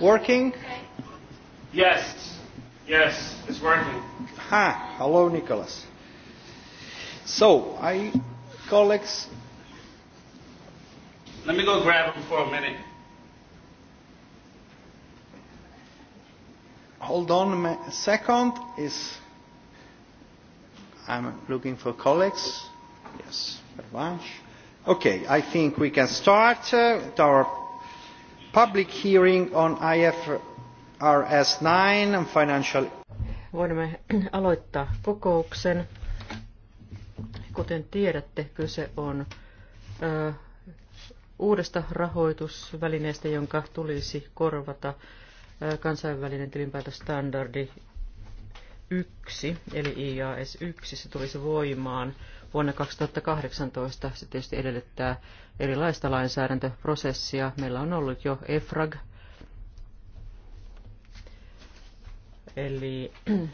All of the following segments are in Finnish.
Working? Yes. Yes, it's working. Ha. Hello, Nicholas. So, I, colleagues. Let me go grab him for a minute. Hold on a second. Is I'm looking for colleagues. Yes, very much. Okay, I think we can start uh, our public hearing on IFRS 9 and financial... Voimme aloittaa kokouksen. Kuten tiedätte, kyse on ö, uudesta rahoitusvälineestä, jonka tulisi korvata ö, kansainvälinen tilinpäätöstandardi 1, eli IAS 1. Se tulisi voimaan vuonna 2018. Se tietysti edellyttää erilaista lainsäädäntöprosessia. Meillä on ollut jo EFRAG, eli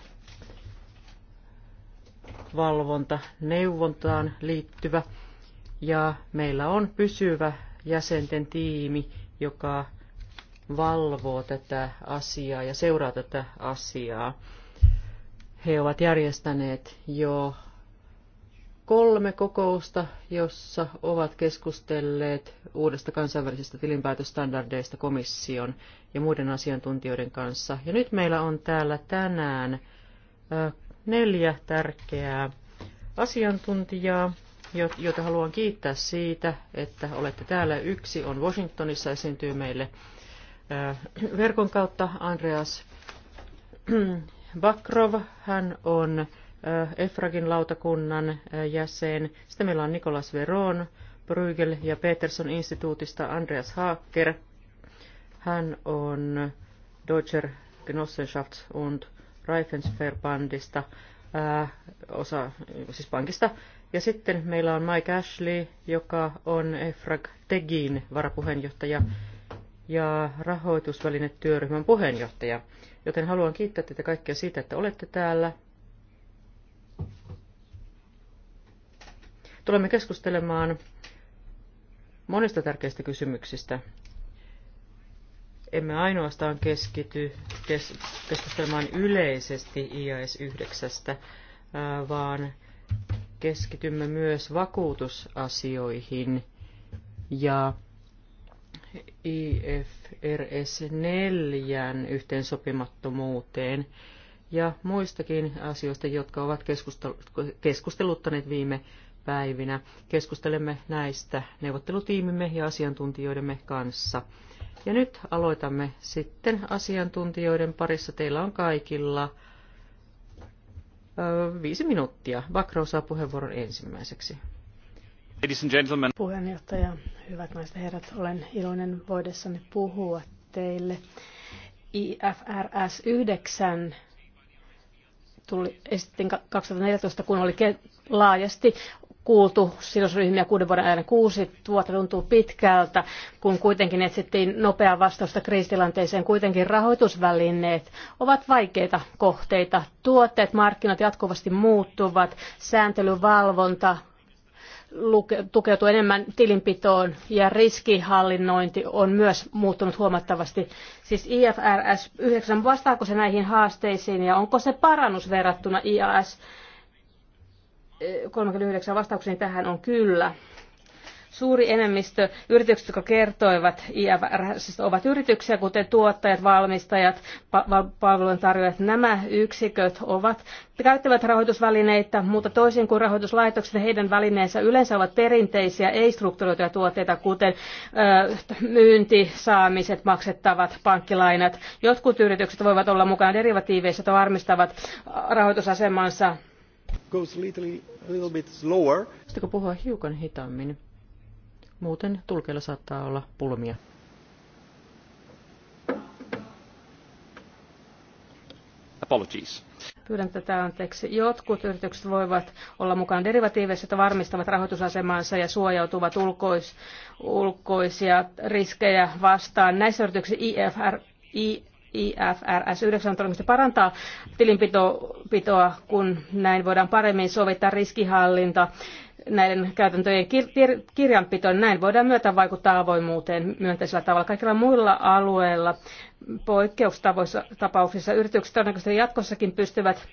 valvonta neuvontaan liittyvä. Ja meillä on pysyvä jäsenten tiimi, joka valvoo tätä asiaa ja seuraa tätä asiaa. He ovat järjestäneet jo kolme kokousta, jossa ovat keskustelleet uudesta kansainvälisestä tilinpäätöstandardeista komission ja muiden asiantuntijoiden kanssa. Ja nyt meillä on täällä tänään neljä tärkeää asiantuntijaa, joita haluan kiittää siitä, että olette täällä. Yksi on Washingtonissa, esiintyy meille verkon kautta Andreas Bakrov. Hän on EFRAGin lautakunnan jäsen. Sitten meillä on Nikolas Veron, Bruegel ja Peterson instituutista Andreas Haaker. Hän on Deutscher Genossenschaft und Reifensverbandista, osa, siis pankista. Ja sitten meillä on Mike Ashley, joka on EFRAG Tegin varapuheenjohtaja ja rahoitusvälinetyöryhmän puheenjohtaja. Joten haluan kiittää teitä kaikkia siitä, että olette täällä Tulemme keskustelemaan monista tärkeistä kysymyksistä. Emme ainoastaan keskity kes, keskustelemaan yleisesti IAS 9, äh, vaan keskitymme myös vakuutusasioihin ja IFRS 4 yhteensopimattomuuteen ja muistakin asioista, jotka ovat keskusteluttaneet viime päivinä. Keskustelemme näistä neuvottelutiimimme ja asiantuntijoidemme kanssa. Ja nyt aloitamme sitten asiantuntijoiden parissa. Teillä on kaikilla ö, viisi minuuttia. Vakro saa puheenvuoron ensimmäiseksi. Ladies and gentlemen. Puheenjohtaja, hyvät naiset ja herrat, olen iloinen voidessani puhua teille. IFRS 9 tuli, esitin 2014, kun oli laajasti kuultu sidosryhmiä kuuden vuoden ajan kuusi vuotta tuntuu pitkältä, kun kuitenkin etsittiin nopeaa vastausta kriisitilanteeseen. Kuitenkin rahoitusvälineet ovat vaikeita kohteita. Tuotteet, markkinat jatkuvasti muuttuvat, sääntelyvalvonta tukeutuu enemmän tilinpitoon ja riskihallinnointi on myös muuttunut huomattavasti. Siis IFRS 9, vastaako se näihin haasteisiin ja onko se parannus verrattuna IAS 39 vastaukseni tähän on kyllä. Suuri enemmistö yrityksistä, jotka kertoivat IFRS, ovat yrityksiä, kuten tuottajat, valmistajat, palveluntarjoajat. Nämä yksiköt ovat, käyttävät rahoitusvälineitä, mutta toisin kuin rahoituslaitokset, heidän välineensä yleensä ovat perinteisiä, ei-strukturoituja tuotteita, kuten ö, myynti, saamiset, maksettavat, pankkilainat. Jotkut yritykset voivat olla mukana derivatiiveissa, jotka varmistavat rahoitusasemansa goes little, little bit slower. Voisitko puhua hiukan hitaammin? Muuten tulkeilla saattaa olla pulmia. Apologies. Pyydän tätä anteeksi. Jotkut yritykset voivat olla mukana derivatiiveissa, että varmistavat rahoitusasemansa ja suojautuvat ulkois, ulkoisia riskejä vastaan. Näissä yrityksissä IFR, I, IFRS 9 toimista parantaa tilinpitoa, kun näin voidaan paremmin sovittaa riskihallinta näiden käytäntöjen kir- kirjanpitoon. Näin voidaan myötä vaikuttaa avoimuuteen myönteisellä tavalla. Kaikilla muilla alueilla poikkeustapauksissa yritykset todennäköisesti jatkossakin pystyvät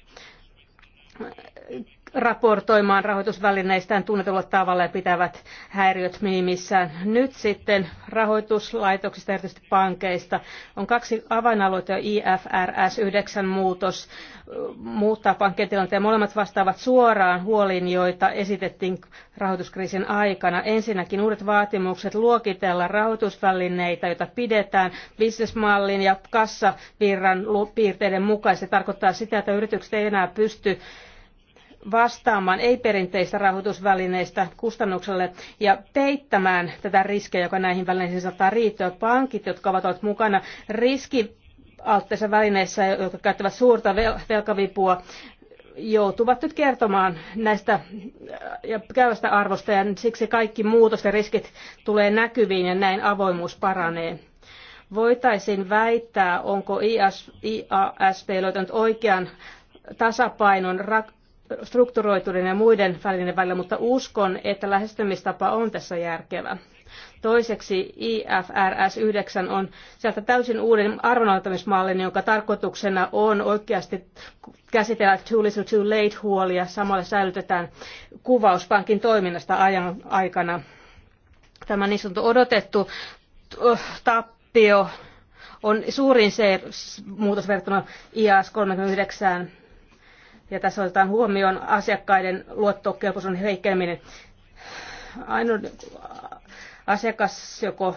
raportoimaan rahoitusvälineistään tunnetulla tavalla ja pitävät häiriöt minimissään. Nyt sitten rahoituslaitoksista, erityisesti pankeista, on kaksi avainaluetta IFRS 9 muutos muuttaa pankkien tilanteen. Molemmat vastaavat suoraan huoliin, joita esitettiin rahoituskriisin aikana. Ensinnäkin uudet vaatimukset luokitella rahoitusvälineitä, joita pidetään bisnesmallin ja kassavirran piirteiden mukaisesti. Se tarkoittaa sitä, että yritykset eivät enää pysty vastaamaan ei-perinteistä rahoitusvälineistä kustannukselle ja peittämään tätä riskejä, joka näihin välineisiin saattaa riittyä. Pankit, jotka ovat olleet mukana riskialtteissa välineissä, jotka käyttävät suurta velkavipua, joutuvat nyt kertomaan näistä äh, ja käyvästä arvosta ja siksi kaikki muutos ja riskit tulee näkyviin ja näin avoimuus paranee. Voitaisiin väittää, onko IASP löytänyt oikean tasapainon strukturoituneiden ja muiden välinen välillä, mutta uskon, että lähestymistapa on tässä järkevä. Toiseksi IFRS 9 on sieltä täysin uuden arvonantamismallin, jonka tarkoituksena on oikeasti käsitellä too little too late huolia. Samalla säilytetään kuvaus pankin toiminnasta ajan aikana. Tämä niin sanottu odotettu äh, tappio on suurin se muutos verrattuna IAS 39 ja tässä otetaan huomioon asiakkaiden luottokelpoisuuden heikkeneminen. Ainoa asiakas joko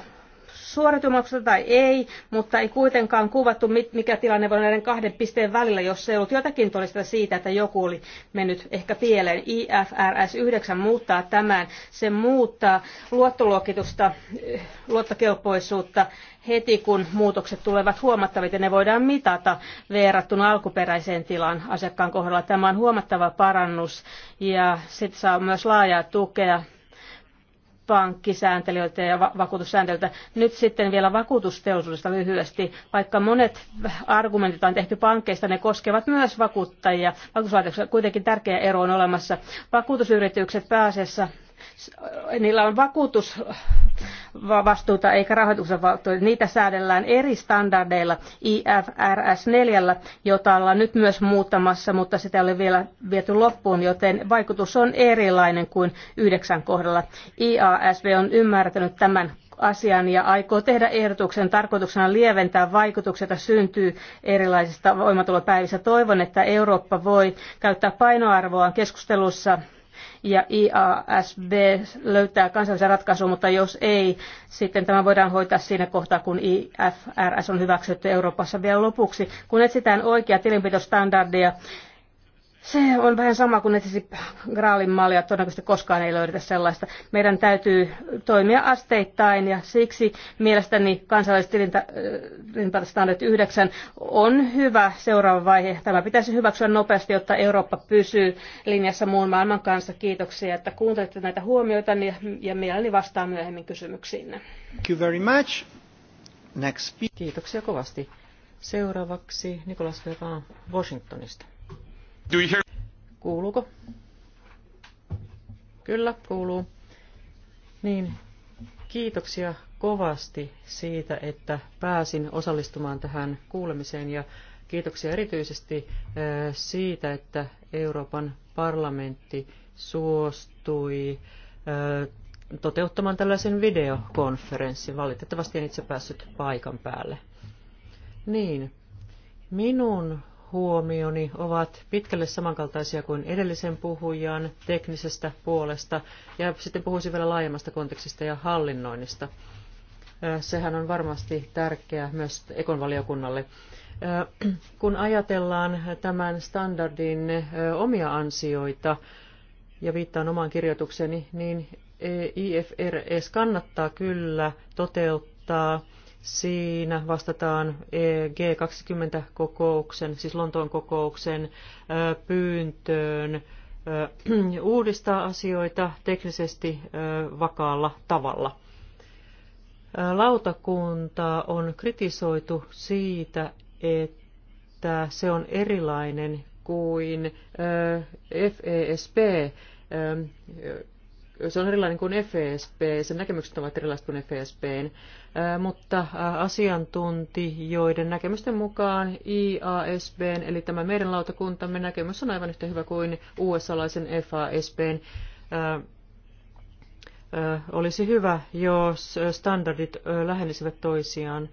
suoritumaksusta tai ei, mutta ei kuitenkaan kuvattu, mikä tilanne voi olla näiden kahden pisteen välillä, jos ei ollut jotakin todista siitä, että joku oli mennyt ehkä pieleen. IFRS 9 muuttaa tämän. Se muuttaa luottoluokitusta, eh, luottokelpoisuutta heti, kun muutokset tulevat huomattavit ja ne voidaan mitata verrattuna alkuperäiseen tilaan asiakkaan kohdalla. Tämä on huomattava parannus ja sitten saa myös laajaa tukea pankkisääntelijöiltä ja vakuutussääntelijöiltä. Nyt sitten vielä vakuutusteollisuudesta lyhyesti. Vaikka monet argumentit on tehty pankkeista, ne koskevat myös vakuuttajia. Vakuutuslaitoksella kuitenkin tärkeä ero on olemassa. Vakuutusyritykset pääasiassa niillä on vakuutus vastuuta eikä rahoituksen vastuuta. Niitä säädellään eri standardeilla IFRS 4, jota ollaan nyt myös muuttamassa, mutta sitä ei ole vielä viety loppuun, joten vaikutus on erilainen kuin yhdeksän kohdalla. IASV on ymmärtänyt tämän asian ja aikoo tehdä ehdotuksen tarkoituksena lieventää vaikutuksia, joita syntyy erilaisista voimatulopäivistä. Toivon, että Eurooppa voi käyttää painoarvoa keskustelussa ja IASB löytää kansallisen ratkaisun, mutta jos ei, sitten tämä voidaan hoitaa siinä kohtaa, kun IFRS on hyväksytty Euroopassa vielä lopuksi. Kun etsitään oikea tilinpitostandardia, se on vähän sama kuin etsisi graalin mallia, todennäköisesti koskaan ei löydetä sellaista. Meidän täytyy toimia asteittain ja siksi mielestäni kansalliset tilinpäätöstandardit 9 on hyvä seuraava vaihe. Tämä pitäisi hyväksyä nopeasti, jotta Eurooppa pysyy linjassa muun maailman kanssa. Kiitoksia, että kuuntelitte näitä huomioita ja mielelläni vastaan myöhemmin kysymyksiinne. Kiitoksia kovasti. Seuraavaksi Nikolas Verran Washingtonista. Kuuluuko? Kyllä, kuuluu. Niin, kiitoksia kovasti siitä, että pääsin osallistumaan tähän kuulemiseen ja kiitoksia erityisesti siitä, että Euroopan parlamentti suostui toteuttamaan tällaisen videokonferenssin. Valitettavasti en itse päässyt paikan päälle. Niin, minun huomioni ovat pitkälle samankaltaisia kuin edellisen puhujan teknisestä puolesta. Ja sitten puhuisin vielä laajemmasta kontekstista ja hallinnoinnista. Sehän on varmasti tärkeää myös ekonvaliokunnalle. Kun ajatellaan tämän standardin omia ansioita, ja viittaan omaan kirjoitukseni, niin e, IFRS kannattaa kyllä toteuttaa – Siinä vastataan e, G20-kokouksen, siis Lontoon kokouksen pyyntöön uudistaa asioita teknisesti vakaalla tavalla. Lautakunta on kritisoitu siitä, että se on erilainen kuin FESP, se on erilainen kuin FSP, sen näkemykset ovat erilaiset kuin FSPn, mutta asiantuntijoiden näkemysten mukaan IASBn, eli tämä meidän lautakuntamme näkemys on aivan yhtä hyvä kuin USA-laisen FASBn. Olisi hyvä, jos standardit lähenisivät toisiaan.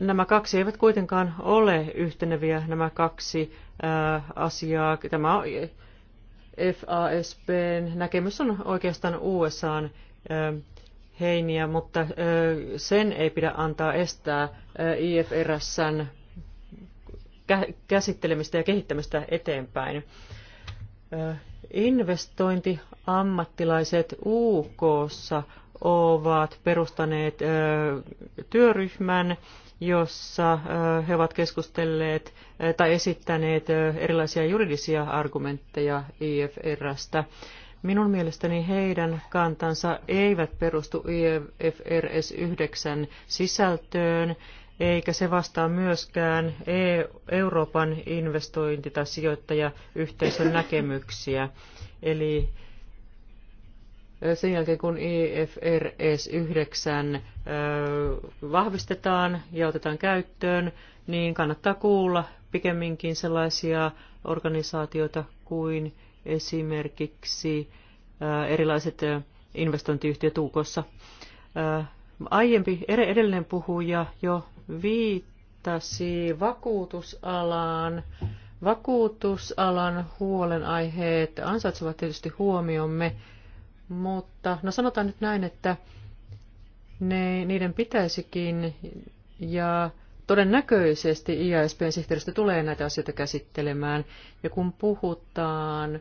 Nämä kaksi eivät kuitenkaan ole yhteneviä, nämä kaksi asiaa. Tämä on, FASBn näkemys on oikeastaan USAn heiniä, mutta sen ei pidä antaa estää IFRSn käsittelemistä ja kehittämistä eteenpäin. Investointiammattilaiset UKssa ovat perustaneet työryhmän, jossa he ovat keskustelleet tai esittäneet erilaisia juridisia argumentteja IFRstä. Minun mielestäni heidän kantansa eivät perustu IFRS 9 sisältöön, eikä se vastaa myöskään e Euroopan investointi- tai sijoittajayhteisön näkemyksiä. Eli sen jälkeen, kun IFRS e 9 vahvistetaan ja otetaan käyttöön, niin kannattaa kuulla pikemminkin sellaisia organisaatioita kuin esimerkiksi erilaiset investointiyhtiöt UKossa. Aiempi edellinen puhuja jo viittasi vakuutusalaan. Vakuutusalan huolenaiheet ansaitsevat tietysti huomiomme mutta no sanotaan nyt näin, että ne, niiden pitäisikin ja todennäköisesti ISPn sihteeristö tulee näitä asioita käsittelemään. Ja kun puhutaan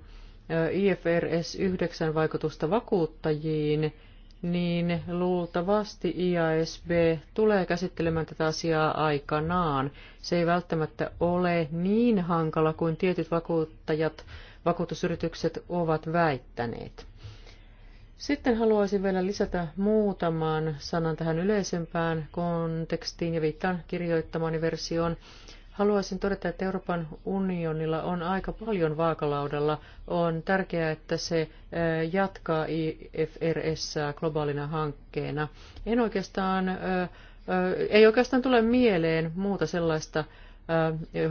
IFRS 9 vaikutusta vakuuttajiin, niin luultavasti IASB tulee käsittelemään tätä asiaa aikanaan. Se ei välttämättä ole niin hankala kuin tietyt vakuuttajat, vakuutusyritykset ovat väittäneet. Sitten haluaisin vielä lisätä muutaman sanan tähän yleisempään kontekstiin ja viittaan kirjoittamani versioon. Haluaisin todeta, että Euroopan unionilla on aika paljon vaakalaudalla. On tärkeää, että se jatkaa IFRS globaalina hankkeena. En oikeastaan, ei oikeastaan tule mieleen muuta sellaista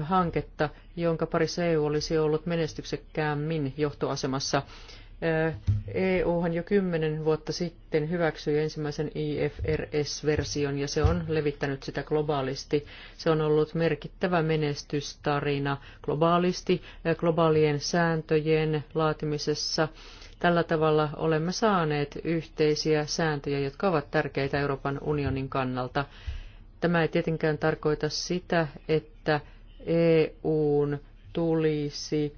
hanketta, jonka parissa EU olisi ollut menestyksekkäämmin johtoasemassa. EU: EU-han jo kymmenen vuotta sitten hyväksyi ensimmäisen IFRS-version ja se on levittänyt sitä globaalisti. Se on ollut merkittävä menestystarina globaalisti eh, globaalien sääntöjen laatimisessa. Tällä tavalla olemme saaneet yhteisiä sääntöjä, jotka ovat tärkeitä Euroopan unionin kannalta. Tämä ei tietenkään tarkoita sitä, että EUn tulisi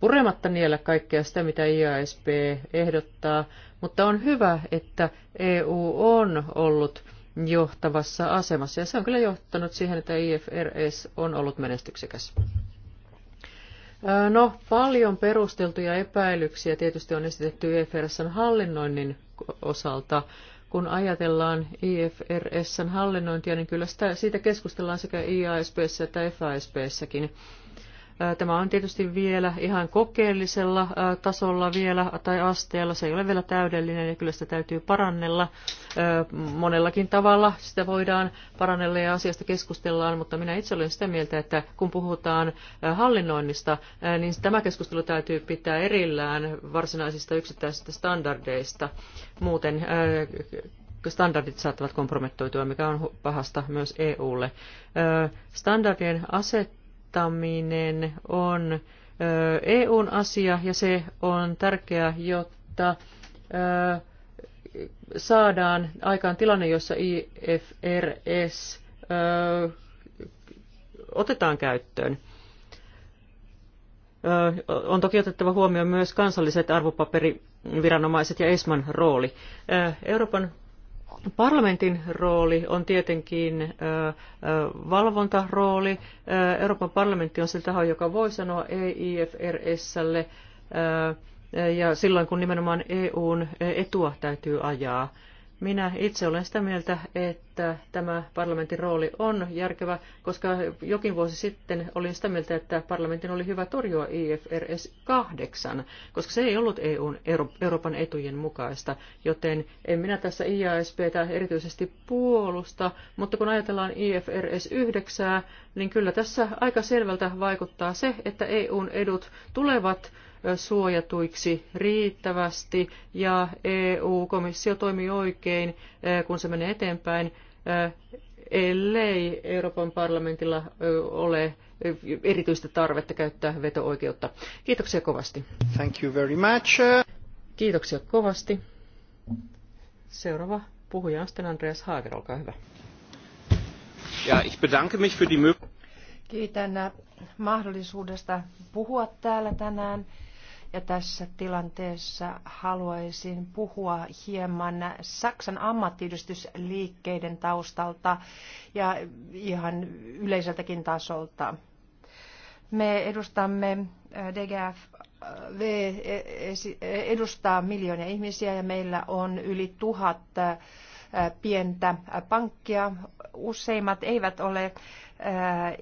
purematta niellä kaikkea sitä, mitä IASP ehdottaa, mutta on hyvä, että EU on ollut johtavassa asemassa, ja se on kyllä johtanut siihen, että IFRS on ollut menestyksekäs. No, paljon perusteltuja epäilyksiä tietysti on esitetty IFRSn hallinnoinnin osalta. Kun ajatellaan IFRSn hallinnointia, niin kyllä sitä, siitä keskustellaan sekä IASPssä että FASPssäkin. Tämä on tietysti vielä ihan kokeellisella tasolla vielä tai asteella. Se ei ole vielä täydellinen ja kyllä sitä täytyy parannella monellakin tavalla. Sitä voidaan parannella ja asiasta keskustellaan, mutta minä itse olen sitä mieltä, että kun puhutaan hallinnoinnista, niin tämä keskustelu täytyy pitää erillään varsinaisista yksittäisistä standardeista. Muuten standardit saattavat kompromettoitua, mikä on pahasta myös EUlle. Standardien asettaminen asettaminen on EUn asia ja se on tärkeää, jotta saadaan aikaan tilanne, jossa IFRS otetaan käyttöön. On toki otettava huomioon myös kansalliset arvopaperiviranomaiset ja ESMAn rooli. Euroopan Parlamentin rooli on tietenkin valvontarooli. Euroopan parlamentti on se taho, joka voi sanoa EIFRSlle ja silloin kun nimenomaan EUn etua täytyy ajaa. Minä itse olen sitä mieltä, että tämä parlamentin rooli on järkevä, koska jokin vuosi sitten olin sitä mieltä, että parlamentin oli hyvä torjua IFRS 8, koska se ei ollut EUn, Euroopan etujen mukaista, joten en minä tässä IASPtä erityisesti puolusta, mutta kun ajatellaan IFRS 9, niin kyllä tässä aika selvältä vaikuttaa se, että EUn edut tulevat suojatuiksi riittävästi ja EU-komissio toimii oikein, e, kun se menee eteenpäin, e, ellei Euroopan parlamentilla e, ole erityistä tarvetta käyttää veto-oikeutta. Kiitoksia kovasti. Thank you very much. Kiitoksia kovasti. Seuraava puhuja on sitten Andreas Haager, olkaa hyvä. Ja, ich bedanke mich für die Kiitän äh, mahdollisuudesta puhua täällä tänään ja tässä tilanteessa haluaisin puhua hieman Saksan ammattiyhdistysliikkeiden taustalta ja ihan yleiseltäkin tasolta. Me edustamme äh, DGF äh, v e, e, edustaa miljoonia ihmisiä ja meillä on yli tuhat äh, pientä pankkia. Useimmat eivät ole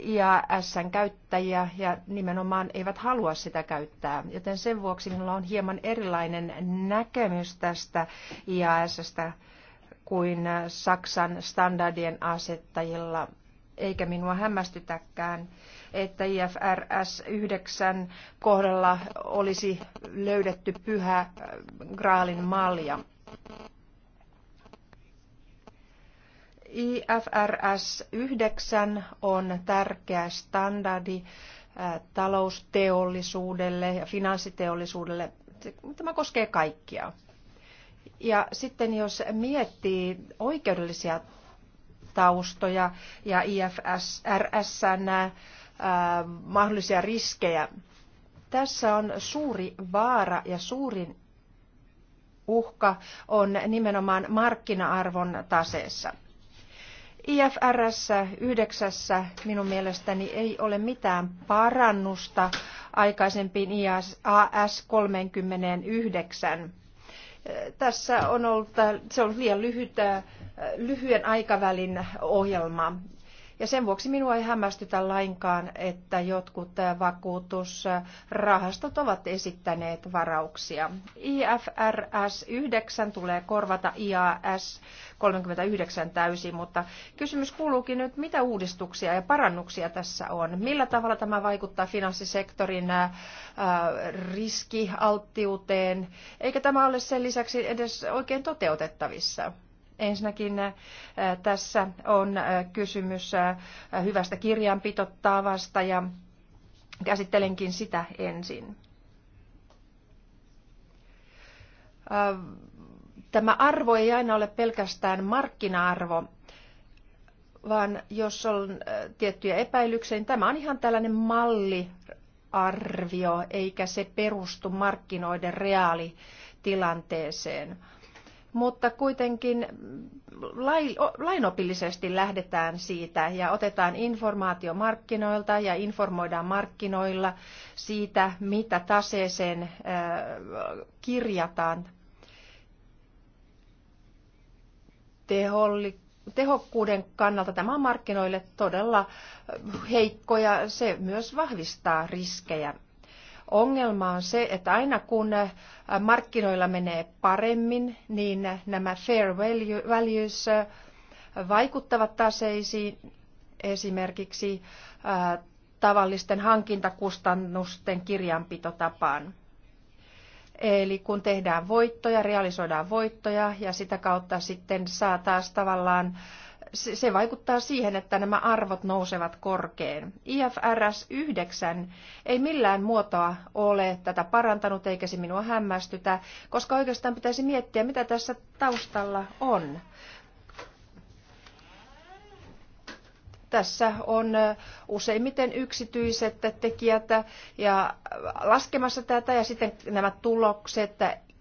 IASn käyttäjiä ja nimenomaan eivät halua sitä käyttää. Joten sen vuoksi minulla on hieman erilainen näkemys tästä IASstä kuin Saksan standardien asettajilla. Eikä minua hämmästytäkään, että IFRS 9 kohdalla olisi löydetty pyhä graalin malja. IFRS 9 on tärkeä standardi talousteollisuudelle ja finanssiteollisuudelle. Tämä koskee kaikkia. Ja sitten jos miettii oikeudellisia taustoja ja IFRSn ää, mahdollisia riskejä, tässä on suuri vaara ja suurin uhka on nimenomaan markkina-arvon taseessa. IFRS 9 minun mielestäni ei ole mitään parannusta aikaisempiin IAS 39. Tässä on ollut, se on liian lyhyt, äh, lyhyen aikavälin ohjelma. Ja sen vuoksi minua ei hämmästytä lainkaan, että jotkut vakuutusrahastot ovat esittäneet varauksia. IFRS 9 tulee korvata IAS 39 täysin, mutta kysymys kuuluukin nyt, mitä uudistuksia ja parannuksia tässä on? Millä tavalla tämä vaikuttaa finanssisektorin äh, riskialttiuteen? Eikä tämä ole sen lisäksi edes oikein toteutettavissa? Ensinnäkin äh, tässä on äh, kysymys äh, hyvästä kirjanpitotavasta ja käsittelenkin sitä ensin. Tämä arvo ei aina ole pelkästään markkina-arvo, vaan jos on tiettyjä epäilyksiä, niin tämä on ihan tällainen malliarvio, eikä se perustu markkinoiden reaalitilanteeseen. tilanteeseen mutta kuitenkin lainopillisesti lähdetään siitä ja otetaan informaatio markkinoilta ja informoidaan markkinoilla siitä, mitä taseeseen kirjataan teholli, tehokkuuden kannalta tämä on markkinoille todella heikko ja se myös vahvistaa riskejä. Ongelma on se, että aina kun äh, markkinoilla menee paremmin, niin nämä fair values äh, vaikuttavat taseisiin esimerkiksi äh, tavallisten hankintakustannusten kirjanpitotapaan. Eli kun tehdään voittoja, realisoidaan voittoja ja sitä kautta sitten saa taas tavallaan se vaikuttaa siihen, että nämä arvot nousevat korkeen. IFRS 9 ei millään muotoa ole tätä parantanut eikä se minua hämmästytä, koska oikeastaan pitäisi miettiä, mitä tässä taustalla on. tässä on useimmiten yksityiset tekijät ja laskemassa tätä ja sitten nämä tulokset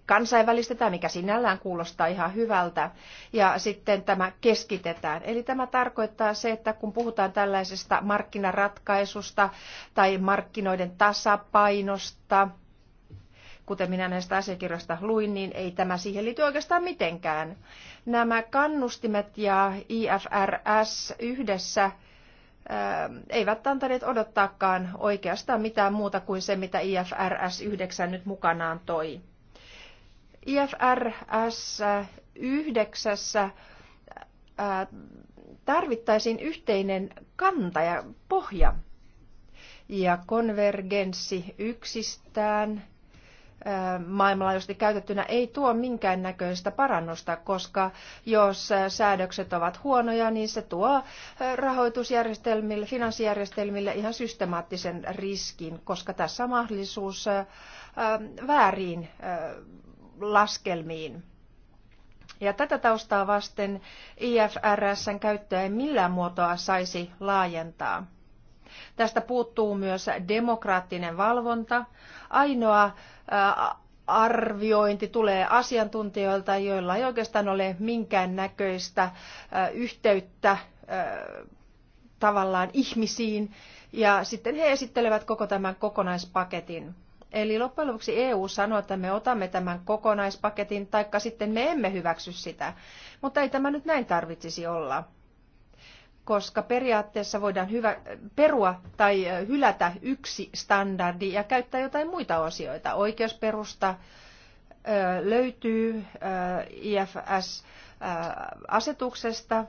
kansainvälistetään, mikä sinällään kuulostaa ihan hyvältä, ja sitten tämä keskitetään. Eli tämä tarkoittaa se, että kun puhutaan tällaisesta markkinaratkaisusta tai markkinoiden tasapainosta, kuten minä näistä asiakirjoista luin, niin ei tämä siihen liity oikeastaan mitenkään. Nämä kannustimet ja IFRS yhdessä eivät antaneet odottaakaan oikeastaan mitään muuta kuin se, mitä IFRS 9 nyt mukanaan toi. IFRS 9 tarvittaisiin yhteinen kanta ja pohja. Ja konvergenssi yksistään maailmanlaajuisesti käytettynä ei tuo minkäännäköistä parannusta, koska jos säädökset ovat huonoja, niin se tuo rahoitusjärjestelmille, finanssijärjestelmille ihan systemaattisen riskin, koska tässä on mahdollisuus väärin laskelmiin. Ja tätä taustaa vasten IFRSn käyttöä ei millään muotoa saisi laajentaa. Tästä puuttuu myös demokraattinen valvonta. Ainoa arviointi tulee asiantuntijoilta, joilla ei oikeastaan ole minkään näköistä yhteyttä tavallaan ihmisiin. Ja sitten he esittelevät koko tämän kokonaispaketin. Eli loppujen lopuksi EU sanoo, että me otamme tämän kokonaispaketin, taikka sitten me emme hyväksy sitä. Mutta ei tämä nyt näin tarvitsisi olla koska periaatteessa voidaan hyvä, perua tai hylätä yksi standardi ja käyttää jotain muita osioita. Oikeusperusta löytyy IFS-asetuksesta,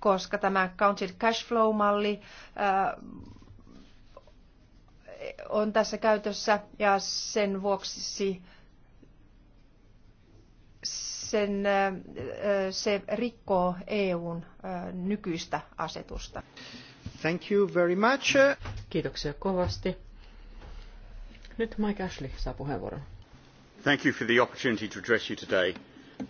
koska tämä Counted Cash Flow-malli on tässä käytössä ja sen vuoksi sen, se rikkoo EUn nykyistä asetusta. Thank you very much. Kiitoksia kovasti. Nyt Mike Ashley saa puheenvuoron. Thank you for the opportunity to address you today.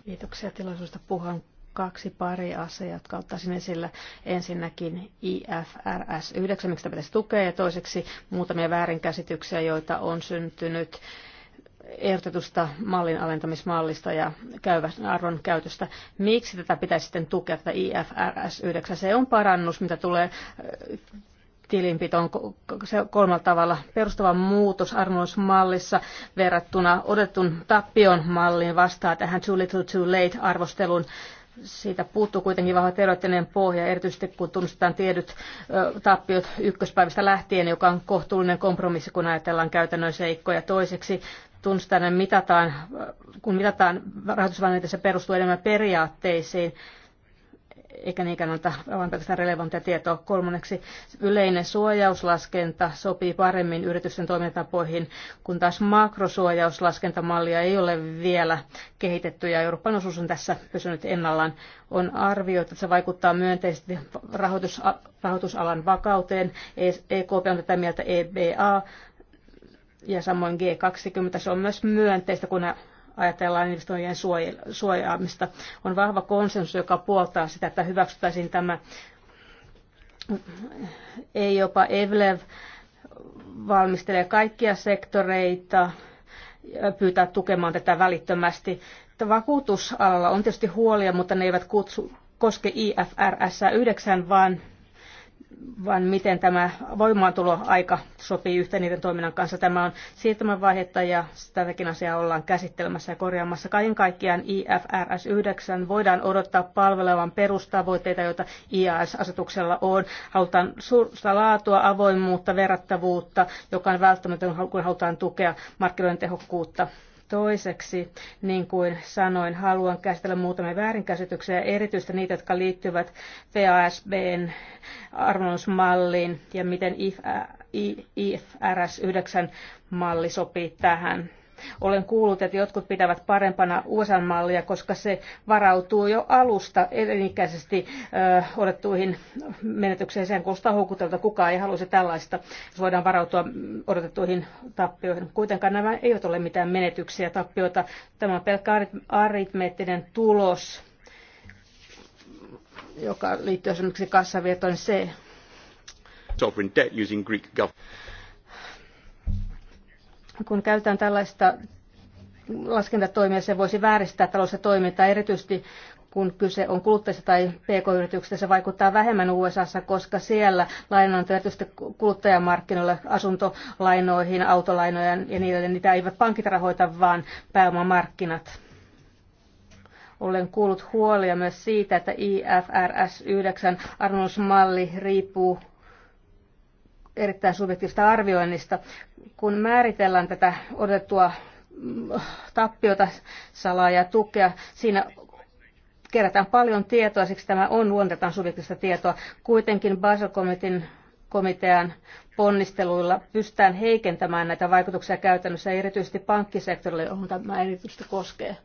Kiitoksia tilaisuudesta puhua kaksi pari asiaa, jotka ottaisin esille. Ensinnäkin IFRS 9, miksi pitäisi tukea, ja toiseksi muutamia väärinkäsityksiä, joita on syntynyt ehdotetusta mallin alentamismallista ja käyvän arvon käytöstä. Miksi tätä pitäisi sitten tukea, tätä IFRS 9? Se on parannus, mitä tulee äh, tilinpitoon kolmella tavalla perustava muutos arvonnousmallissa verrattuna odotetun tappion malliin vastaa tähän too little too late arvostelun siitä puuttuu kuitenkin vahva teoreettinen pohja, erityisesti kun tunnustetaan tiedyt tappiot ykköspäivästä lähtien, joka on kohtuullinen kompromissi, kun ajatellaan käytännön seikkoja. Toiseksi tunnustetaan mitataan, kun mitataan rahoitusvälineitä, se perustuu enemmän periaatteisiin eikä niin kannalta vaan pelkästään relevanttia tietoa. Kolmanneksi yleinen suojauslaskenta sopii paremmin yritysten toimintatapoihin, kun taas makrosuojauslaskentamallia ei ole vielä kehitetty ja Euroopan osuus on tässä pysynyt ennallaan. On arvioitu, että se vaikuttaa myönteisesti rahoitus, rahoitusalan vakauteen. EKP e on tätä mieltä EBA ja samoin G20. Se on myös myönteistä, kun ajatellaan investointien suojaamista. On vahva konsensus, joka puoltaa sitä, että hyväksyttäisiin tämä ei jopa Evlev valmistelee kaikkia sektoreita, pyytää tukemaan tätä välittömästi. Vakuutusalalla on tietysti huolia, mutta ne eivät kutsu, koske IFRS 9, vaan vaan miten tämä voimaantuloaika sopii yhteen niiden toiminnan kanssa. Tämä on siirtymävaihetta ja tätäkin asiaa ollaan käsittelemässä ja korjaamassa. Kaiken kaikkiaan IFRS 9 voidaan odottaa palvelevan perustavoitteita, joita IAS-asetuksella on. Halutaan suurta laatua, avoimuutta, verrattavuutta, joka on välttämätön, kun halutaan tukea markkinoiden tehokkuutta Toiseksi, niin kuin sanoin, haluan käsitellä muutamia väärinkäsityksiä, erityisesti niitä, jotka liittyvät VASBn arvonnusmalliin ja miten IFRS 9 malli sopii tähän. Olen kuullut, että jotkut pitävät parempana USA-mallia, koska se varautuu jo alusta elinikäisesti äh, menetyksiin, menetykseen. Sen kuulostaa houkutelta, kukaan ei halusi tällaista, jos voidaan varautua odotettuihin tappioihin. Kuitenkaan nämä eivät ole mitään menetyksiä tappioita. Tämä on pelkkä aritmeettinen tulos joka liittyy esimerkiksi kassavietoon, C. se sovereign debt using Greek government kun käytetään tällaista laskentatoimia, se voisi vääristää taloudellista toimintaa, erityisesti kun kyse on kuluttajista tai pk-yrityksistä, se vaikuttaa vähemmän USAssa, koska siellä lainananto erityisesti kuluttajamarkkinoilla, asuntolainoihin, autolainoihin ja niin edelleen, niitä eivät pankit rahoita, vaan pääomamarkkinat. Olen kuullut huolia myös siitä, että IFRS 9 arvonnusmalli riippuu erittäin subjektiivista arvioinnista. Kun määritellään tätä odotettua mm, tappiota, salaa ja tukea, siinä kerätään paljon tietoa, siksi tämä on luonteeltaan subjektiivista tietoa. Kuitenkin Basel-komitean komitean ponnisteluilla pystytään heikentämään näitä vaikutuksia käytännössä, erityisesti pankkisektorille, johon tämä erityisesti koskee.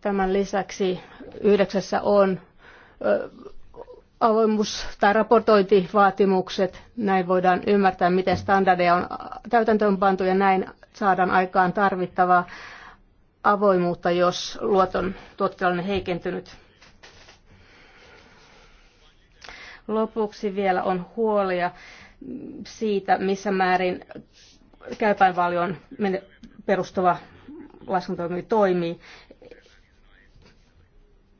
Tämän lisäksi yhdeksässä on avoimuus- tai raportointivaatimukset. Näin voidaan ymmärtää, miten standardeja on täytäntöönpantu ja näin saadaan aikaan tarvittavaa avoimuutta, jos luoton tuottelun heikentynyt. Lopuksi vielä on huolia siitä, missä määrin käypäinvalioon perustuva laskentoimi toimii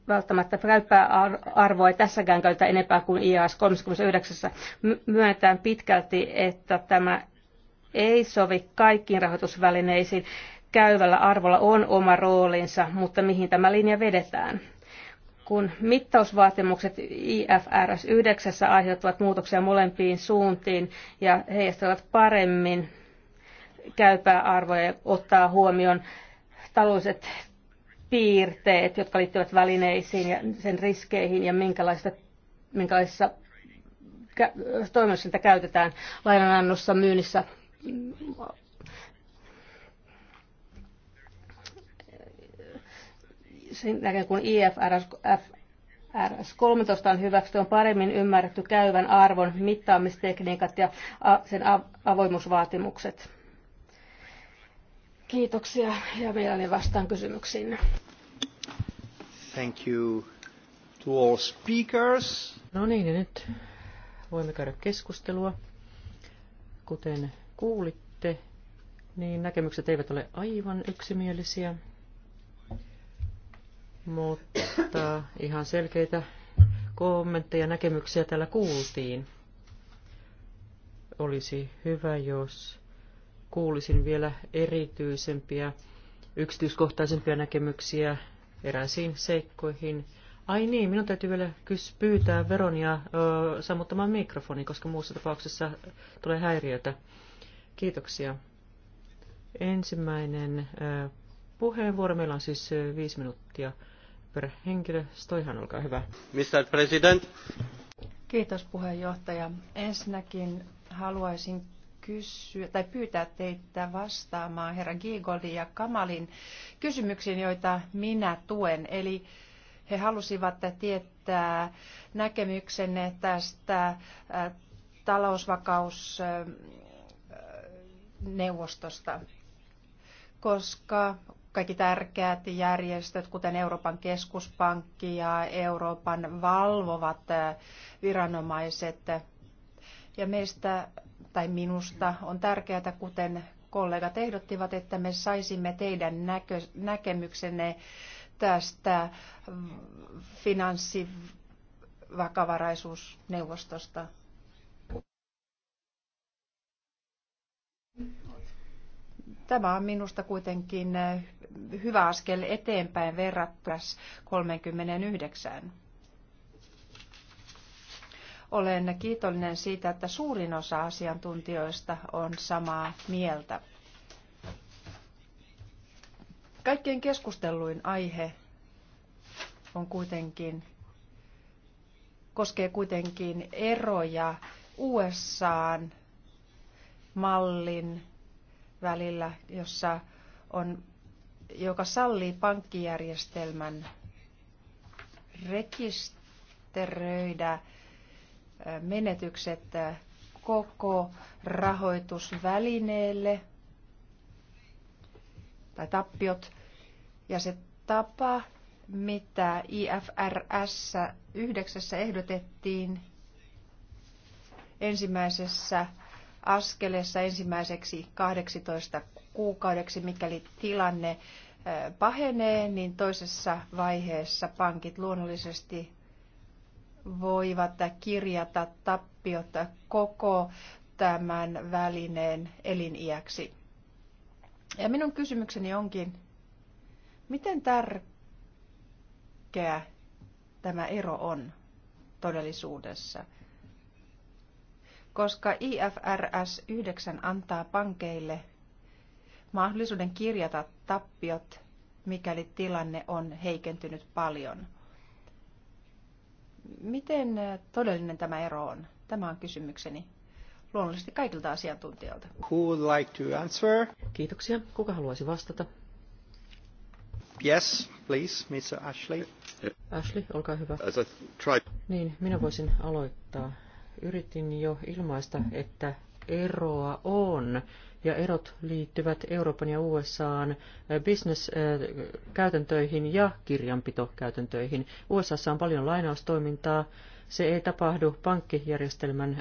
välttämättä käypää arvoa ei tässäkään käytä enempää kuin IAS 39. Myönnetään pitkälti, että tämä ei sovi kaikkiin rahoitusvälineisiin. Käyvällä arvolla on oma roolinsa, mutta mihin tämä linja vedetään? kun mittausvaatimukset IFRS 9 aiheuttavat muutoksia molempiin suuntiin ja heijastelevat paremmin käypää arvoja ja ottaa huomioon taloudelliset piirteet, jotka liittyvät välineisiin ja sen riskeihin ja minkälaista, minkälaisissa toimissa käytetään lainanannossa, myynnissä, sen jälkeen kun IFRS 13 on hyväksytty, on paremmin ymmärretty käyvän arvon mittaamistekniikat ja sen avoimuusvaatimukset. Kiitoksia ja mielelläni vastaan kysymyksiin. Thank you to all speakers. No niin, ja nyt voimme käydä keskustelua. Kuten kuulitte, niin näkemykset eivät ole aivan yksimielisiä, mutta ihan selkeitä kommentteja ja näkemyksiä täällä kuultiin. Olisi hyvä, jos kuulisin vielä erityisempiä, yksityiskohtaisempia näkemyksiä eräisiin seikkoihin. Ai niin, minun täytyy vielä kys pyytää Veronia ö, sammuttamaan mikrofoni, koska muussa tapauksessa tulee häiriötä. Kiitoksia. Ensimmäinen ö, puheenvuoro. Meillä on siis ö, viisi minuuttia per henkilö. Stoihan, olkaa hyvä. Mr. President. Kiitos puheenjohtaja. Ensinnäkin haluaisin kysyä, tai pyytää teitä vastaamaan herra Giegoldin ja Kamalin kysymyksiin, joita minä tuen. Eli he halusivat tietää näkemyksenne tästä äh, talousvakausneuvostosta, äh, koska kaikki tärkeät järjestöt, kuten Euroopan keskuspankki ja Euroopan valvovat äh, viranomaiset. Ja meistä tai minusta on tärkeää, kuten kollegat ehdottivat, että me saisimme teidän näkö, näkemyksenne tästä finanssivakavaraisuusneuvostosta. Tämä on minusta kuitenkin hyvä askel eteenpäin verrattuna 39. Olen kiitollinen siitä, että suurin osa asiantuntijoista on samaa mieltä. Kaikkein keskustelluin aihe on kuitenkin, koskee kuitenkin eroja USAn mallin välillä, jossa on, joka sallii pankkijärjestelmän rekisteröidä menetykset äh, koko rahoitusvälineelle tai tappiot ja se tapa, mitä IFRS 9 ehdotettiin ensimmäisessä askeleessa ensimmäiseksi 18 kuukaudeksi, mikäli tilanne äh, pahenee, niin toisessa vaiheessa pankit luonnollisesti voivat kirjata tappiota koko tämän välineen eliniäksi. Ja minun kysymykseni onkin, miten tärkeä tämä ero on todellisuudessa? Koska IFRS 9 antaa pankeille mahdollisuuden kirjata tappiot, mikäli tilanne on heikentynyt paljon – Miten todellinen tämä ero on? Tämä on kysymykseni luonnollisesti kaikilta asiantuntijoilta. Who would like to answer? Kiitoksia. Kuka haluaisi vastata? Yes, please, Mr. Ashley. Ashley, olkaa hyvä. As try... Niin, minä voisin aloittaa. Yritin jo ilmaista, että eroa on ja erot liittyvät Euroopan ja USAn eh, bisneskäytäntöihin eh, ja kirjanpitokäytäntöihin. USAssa on paljon lainaustoimintaa. Se ei tapahdu pankkijärjestelmän eh,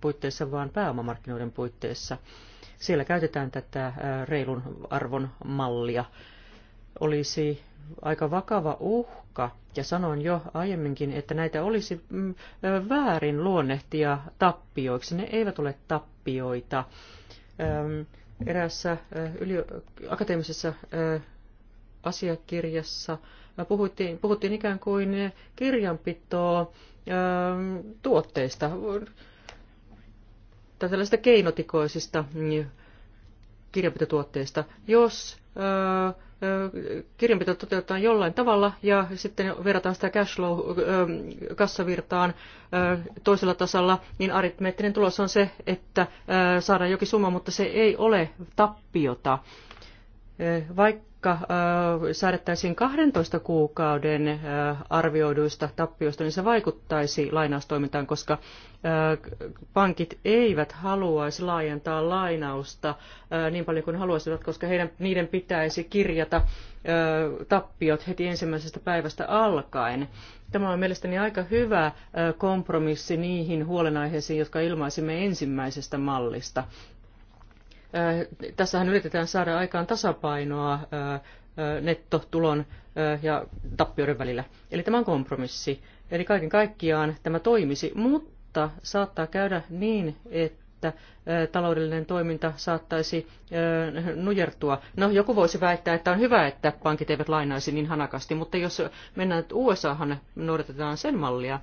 puitteissa, vaan pääomamarkkinoiden puitteissa. Siellä käytetään tätä reilun arvon mallia. Olisi aika vakava uhka, ja sanoin jo aiemminkin, että näitä olisi mm, väärin luonnehtia tappioiksi. Ne eivät ole tappioita eräässä yli, akateemisessa asiakirjassa puhuttiin, puhuttiin ikään kuin kirjanpitoa tuotteista tai tällaisista keinotikoisista mm, kirjanpitotuotteista. Jos kirjanpito toteutetaan jollain tavalla ja sitten verrataan sitä flow kassavirtaan toisella tasalla, niin aritmeettinen tulos on se, että saadaan jokin summa, mutta se ei ole tappiota. Vaikka vaikka äh, säädettäisiin 12 kuukauden äh, arvioiduista tappioista, niin se vaikuttaisi lainaustoimintaan, koska äh, pankit eivät haluaisi laajentaa lainausta niin paljon kuin haluaisivat, koska heidän, niiden pitäisi kirjata tappiot heti ensimmäisestä päivästä alkaen. Tämä on mielestäni aika hyvä kompromissi niihin huolenaiheisiin, jotka ilmaisimme ensimmäisestä mallista. Tässähän yritetään saada aikaan tasapainoa nettotulon ja tappioiden välillä. Eli tämä on kompromissi. Eli kaiken kaikkiaan tämä toimisi, mutta saattaa käydä niin, että että taloudellinen toiminta saattaisi nujertua. No, joku voisi väittää, että on hyvä, että pankit eivät lainaisi niin hanakasti, mutta jos mennään USAhan, noudatetaan sen mallia,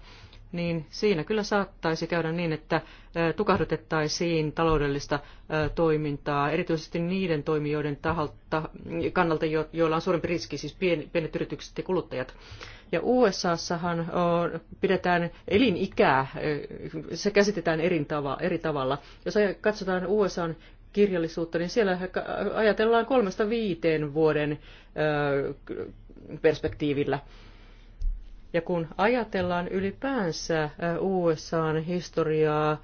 niin siinä kyllä saattaisi käydä niin, että tukahdutettaisiin taloudellista toimintaa, erityisesti niiden toimijoiden taholta, kannalta, joilla on suurempi riski, siis pienet yritykset ja kuluttajat. Ja USAssahan pidetään elinikää, se käsitetään eri tavalla. Jos katsotaan USAn kirjallisuutta, niin siellä ajatellaan kolmesta viiteen vuoden perspektiivillä. Ja kun ajatellaan ylipäänsä USAn historiaa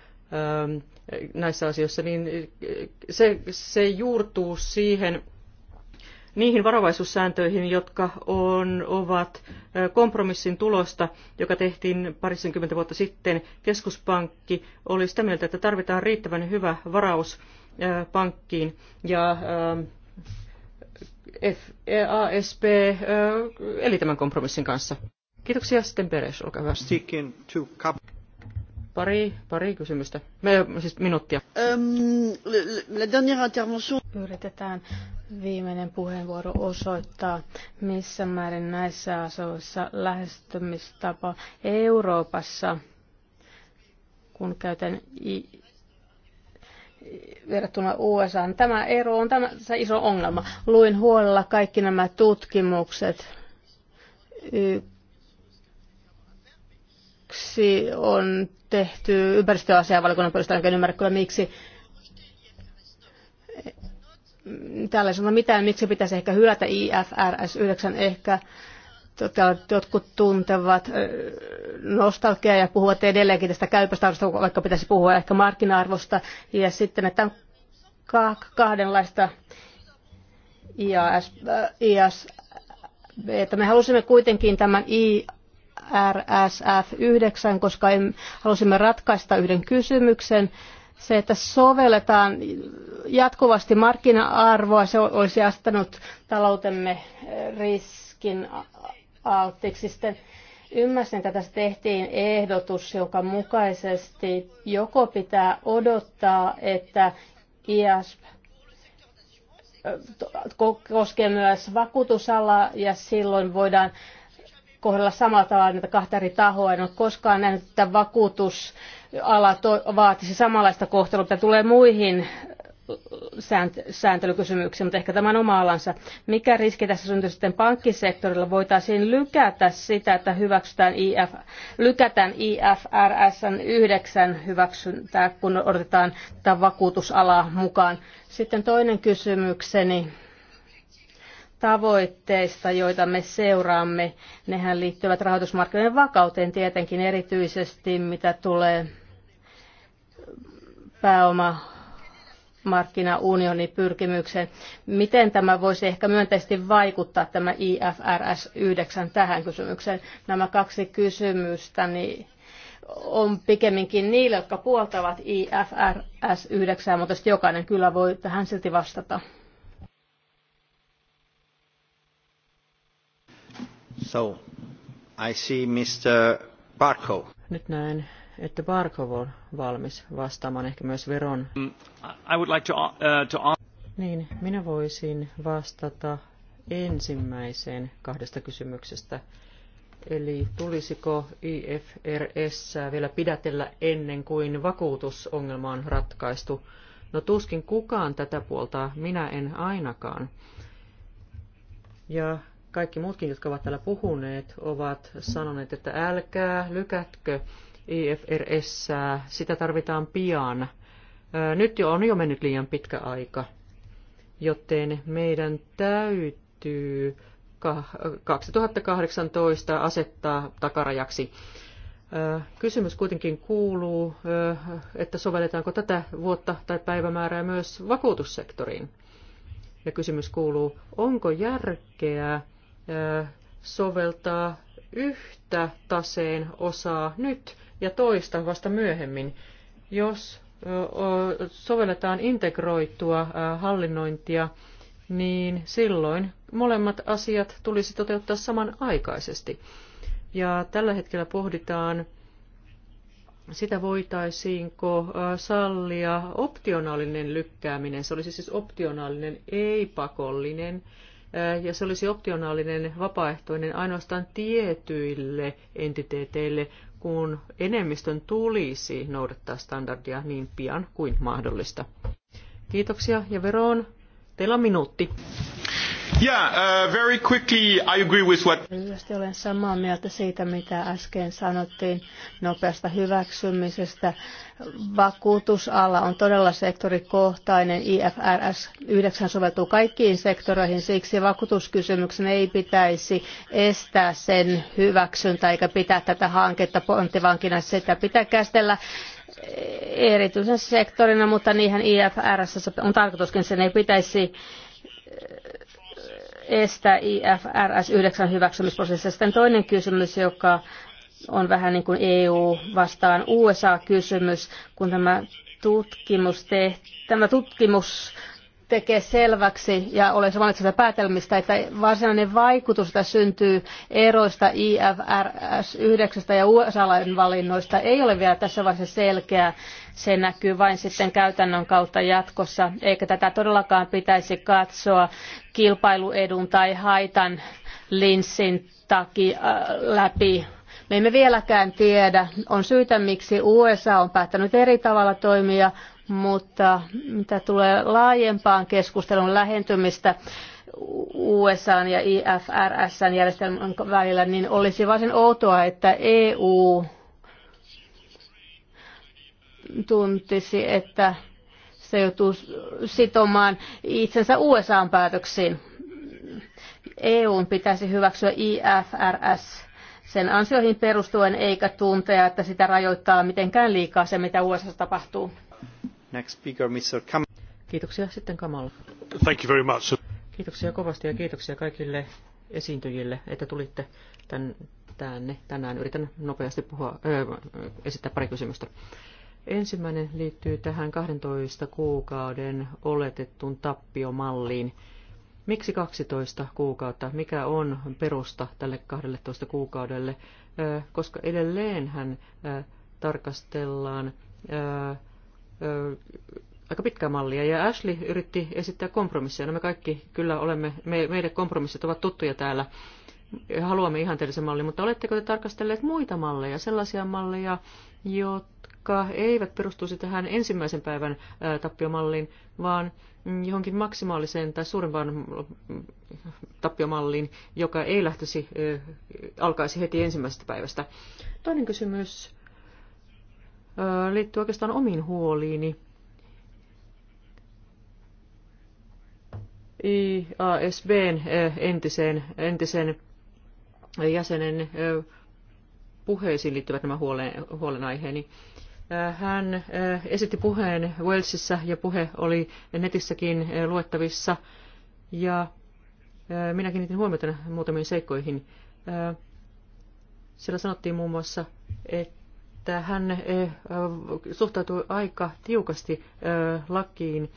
näissä asioissa, niin se, se juurtuu siihen niihin varovaisuussääntöihin, jotka on, ovat kompromissin tulosta, joka tehtiin parisenkymmentä vuotta sitten. Keskuspankki oli sitä mieltä, että tarvitaan riittävän hyvä varaus pankkiin. Ja FASP e eli tämän kompromissin kanssa. Kiitoksia sitten Peres, olkaa hyvä. Pari, pari kysymystä. Me, siis minuuttia. Yritetään viimeinen puheenvuoro osoittaa, missä määrin näissä asioissa lähestymistapa Euroopassa, kun käytän i- verrattuna USA. Niin tämä ero on tämä iso ongelma. Luin huolella kaikki nämä tutkimukset YK yksi on tehty ympäristöasianvalikunnan puolesta, enkä ymmärrä kyllä miksi. Täällä ei sanota mitään, miksi pitäisi ehkä hylätä IFRS 9 ehkä. Tota, jotkut tuntevat nostalgiaa ja puhuvat edelleenkin tästä käypästä arvosta, vaikka pitäisi puhua ehkä markkina-arvosta. Ja sitten, että on kahdenlaista IAS, IAS että me halusimme kuitenkin tämän I RSF 9, koska halusimme ratkaista yhden kysymyksen. Se, että sovelletaan jatkuvasti markkina-arvoa, se olisi astanut taloutemme eh, riskin alttiiksi. Sitten ymmärsin, että tässä tehtiin ehdotus, jonka mukaisesti joko pitää odottaa, että IASP eh, koskee myös vakuutusalaa ja silloin voidaan kohdella samalla tavalla näitä kahta eri tahoa. En ole koskaan nähnyt, että vakuutusala vaatisi samanlaista kohtelua, mitä tulee muihin sääntelykysymyksiin, mutta ehkä tämän oma alansa. Mikä riski tässä syntyy sitten pankkisektorilla? Voitaisiin lykätä sitä, että hyväksytään IF, lykätään IFRS 9 hyväksyntää, kun odotetaan tätä vakuutusalaa mukaan. Sitten toinen kysymykseni tavoitteista, joita me seuraamme. Nehän liittyvät rahoitusmarkkinoiden vakauteen tietenkin erityisesti, mitä tulee pääoma markkinaunionin pyrkimykseen. Miten tämä voisi ehkä myönteisesti vaikuttaa tämä IFRS 9 tähän kysymykseen? Nämä kaksi kysymystä niin on pikemminkin niille, jotka puoltavat IFRS 9, mutta jokainen kyllä voi tähän silti vastata. Nyt näen, että Barkov on valmis vastaamaan ehkä myös veron. Um, I would like to, uh, to... Niin, minä voisin vastata ensimmäiseen kahdesta kysymyksestä. Eli tulisiko IFRS vielä pidätellä ennen kuin vakuutusongelma on ratkaistu? No tuskin kukaan tätä puolta, minä en ainakaan. Ja kaikki muutkin, jotka ovat täällä puhuneet, ovat sanoneet, että älkää lykätkö IFRS, sitä tarvitaan pian. Nyt jo on jo mennyt liian pitkä aika, joten meidän täytyy 2018 asettaa takarajaksi. Kysymys kuitenkin kuuluu, että sovelletaanko tätä vuotta tai päivämäärää myös vakuutussektoriin. Ja kysymys kuuluu, onko järkeä soveltaa yhtä taseen osaa nyt ja toista vasta myöhemmin. Jos sovelletaan integroitua hallinnointia, niin silloin molemmat asiat tulisi toteuttaa samanaikaisesti. Ja tällä hetkellä pohditaan, sitä voitaisiinko sallia optionaalinen lykkääminen. Se olisi siis optionaalinen, ei pakollinen ja se olisi optionaalinen, vapaaehtoinen ainoastaan tietyille entiteeteille, kun enemmistön tulisi noudattaa standardia niin pian kuin mahdollista. Kiitoksia ja veroon. Teillä on minuutti. Yeah, uh, very quickly I agree with what... Lyhyesti olen samaa mieltä siitä, mitä äsken sanottiin nopeasta hyväksymisestä. Vakuutusala on todella sektorikohtainen. IFRS 9 soveltuu kaikkiin sektoreihin, siksi vakuutuskysymyksen ei pitäisi estää sen hyväksyntää eikä pitää tätä hanketta ponttivankina. Sitä pitää käsitellä erityisen sektorina, mutta niinhän IFRS on tarkoituskin, sen ei pitäisi eh, estää IFRS 9 hyväksymisprosessista. Sitten toinen kysymys, joka on vähän niin kuin EU vastaan USA-kysymys, kun tämä tutkimus, tehti, tämä tutkimus tekee selväksi, ja olen samaa päätelmistä, että varsinainen vaikutus, jota syntyy eroista IFRS 9 ja USA-lain valinnoista, ei ole vielä tässä vaiheessa selkeä. Se näkyy vain sitten käytännön kautta jatkossa, eikä tätä todellakaan pitäisi katsoa kilpailuedun tai haitan linssin takia äh, läpi me emme vieläkään tiedä on syytä miksi usa on päättänyt eri tavalla toimia mutta mitä tulee laajempaan keskusteluun lähentymistä USA ja IFRS järjestelmän välillä, niin olisi varsin outoa, että EU tuntisi, että se joutuu sitomaan itsensä USAn päätöksiin. EUn pitäisi hyväksyä IFRS sen ansioihin perustuen eikä tuntea, että sitä rajoittaa mitenkään liikaa se, mitä USA tapahtuu. Next speaker, Mr. Kiitoksia sitten Kamal. Thank you very much. Kiitoksia kovasti ja kiitoksia kaikille esiintyjille, että tulitte tän, tänne tänään. Yritän nopeasti puhua, esittää pari kysymystä. Ensimmäinen liittyy tähän 12 kuukauden oletettuun tappiomalliin. Miksi 12 kuukautta? Mikä on perusta tälle 12 kuukaudelle? Koska edelleenhän tarkastellaan aika pitkää mallia, ja Ashley yritti esittää kompromisseja. No me kaikki kyllä olemme, me, meidän kompromissit ovat tuttuja täällä, haluamme ihanteellisen mallin, mutta oletteko te tarkastelleet muita malleja, sellaisia malleja, jotka eivät perustuisi tähän ensimmäisen päivän ää, tappiomalliin, vaan johonkin maksimaaliseen tai suurempaan mm, tappiomalliin, joka ei lähtisi, alkaisi heti ensimmäisestä päivästä. Toinen kysymys liittyy oikeastaan omiin huoliini. IASBn entisen, entisen jäsenen puheisiin liittyvät nämä huolen, huolenaiheeni. Hän esitti puheen Walesissa ja puhe oli netissäkin luettavissa ja minäkin kiinnitin huomiota muutamiin seikkoihin. Siellä sanottiin muun muassa, että että hän suhtautui aika tiukasti lakiin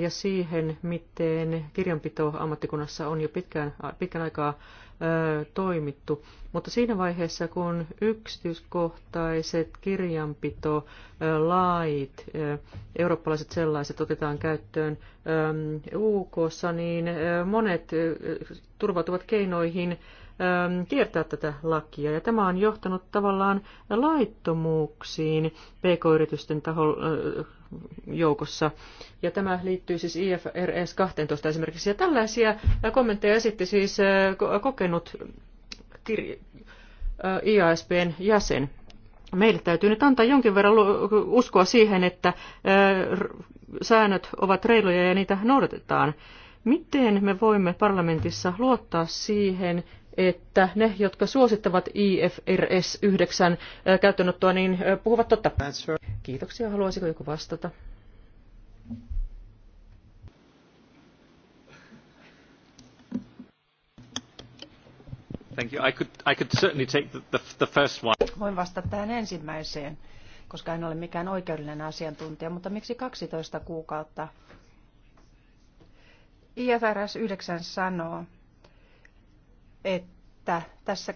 ja siihen, miten kirjanpito ammattikunnassa on jo pitkään, pitkän aikaa toimittu. Mutta siinä vaiheessa, kun yksityiskohtaiset kirjanpitolait, eurooppalaiset sellaiset, otetaan käyttöön UK, niin monet turvautuvat keinoihin, Ähm, kiertää tätä lakia. Ja tämä on johtanut tavallaan laittomuuksiin pk-yritysten äh, joukossa. Ja tämä liittyy siis IFRS 12 esimerkiksi. Ja tällaisia kommentteja esitti siis äh, kokenut IASPn äh, jäsen. Meille täytyy nyt antaa jonkin verran uskoa siihen, että säännöt ovat reiluja ja niitä noudatetaan. Miten me voimme parlamentissa luottaa siihen, että ne, jotka suosittavat IFRS 9 käyttöönottoa, niin puhuvat totta. Kiitoksia. Haluaisiko joku vastata? Thank you. I could, I could certainly take the, the, the first one. Voin vastata tähän ensimmäiseen, koska en ole mikään oikeudellinen asiantuntija, mutta miksi 12 kuukautta? IFRS 9 sanoo, että tässä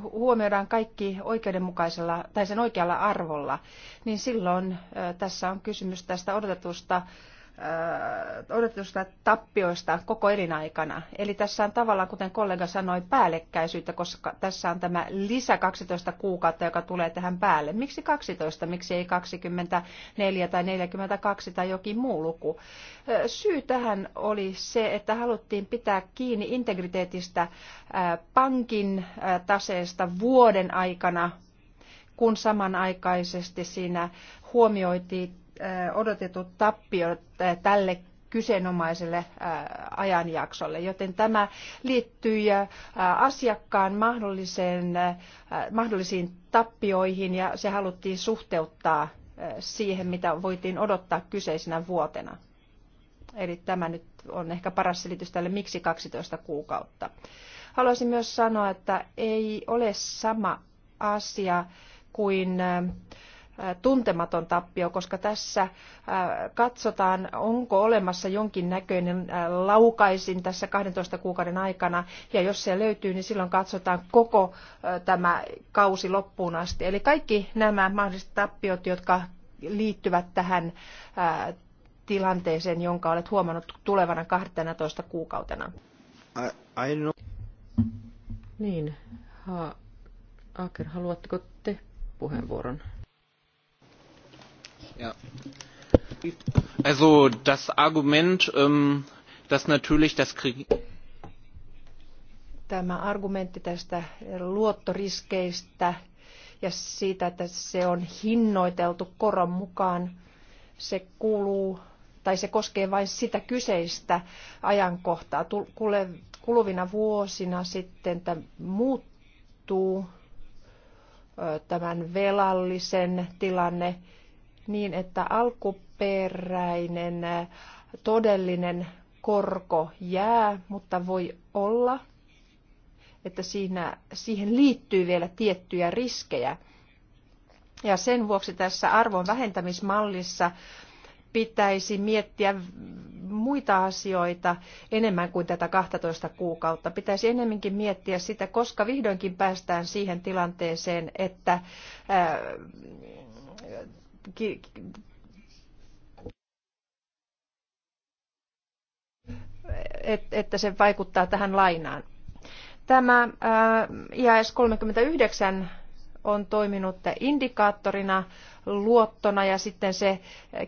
huomioidaan kaikki oikeudenmukaisella tai sen oikealla arvolla, niin silloin tässä on kysymys tästä odotetusta Äh, odotetusta tappioista koko elinaikana. Eli tässä on tavallaan, kuten kollega sanoi, päällekkäisyyttä, koska tässä on tämä lisä 12 kuukautta, joka tulee tähän päälle. Miksi 12? Miksi ei 24 tai 42 tai jokin muu luku? Äh, syy tähän oli se, että haluttiin pitää kiinni integriteetistä äh, pankin taseesta vuoden aikana, kun samanaikaisesti siinä huomioitiin odotetut tappiot tälle kyseenomaiselle ajanjaksolle. Joten tämä liittyy asiakkaan mahdolliseen, mahdollisiin tappioihin ja se haluttiin suhteuttaa siihen, mitä voitiin odottaa kyseisenä vuotena. Eli tämä nyt on ehkä paras selitys tälle, miksi 12 kuukautta. Haluaisin myös sanoa, että ei ole sama asia kuin tuntematon tappio, koska tässä katsotaan, onko olemassa jonkinnäköinen laukaisin tässä 12 kuukauden aikana, ja jos se löytyy, niin silloin katsotaan koko tämä kausi loppuun asti. Eli kaikki nämä mahdolliset tappiot, jotka liittyvät tähän tilanteeseen, jonka olet huomannut tulevana 12 kuukautena? I, I niin, ha, Aker, haluatteko te puheenvuoron? Also das Argument, ähm, dass natürlich das Tämä argumentti tästä luottoriskeistä ja siitä, että se on hinnoiteltu koron mukaan, se kuuluu tai se koskee vain sitä kyseistä ajankohtaa. Kuluvina vuosina sitten tämä muuttuu tämän velallisen tilanne niin, että alkuperäinen äh, todellinen korko jää, mutta voi olla, että siinä, siihen liittyy vielä tiettyjä riskejä. Ja sen vuoksi tässä arvon vähentämismallissa pitäisi miettiä muita asioita enemmän kuin tätä 12 kuukautta. Pitäisi enemminkin miettiä sitä, koska vihdoinkin päästään siihen tilanteeseen, että äh, että se vaikuttaa tähän lainaan. Tämä äh, IAS 39 on toiminut indikaattorina, luottona ja sitten se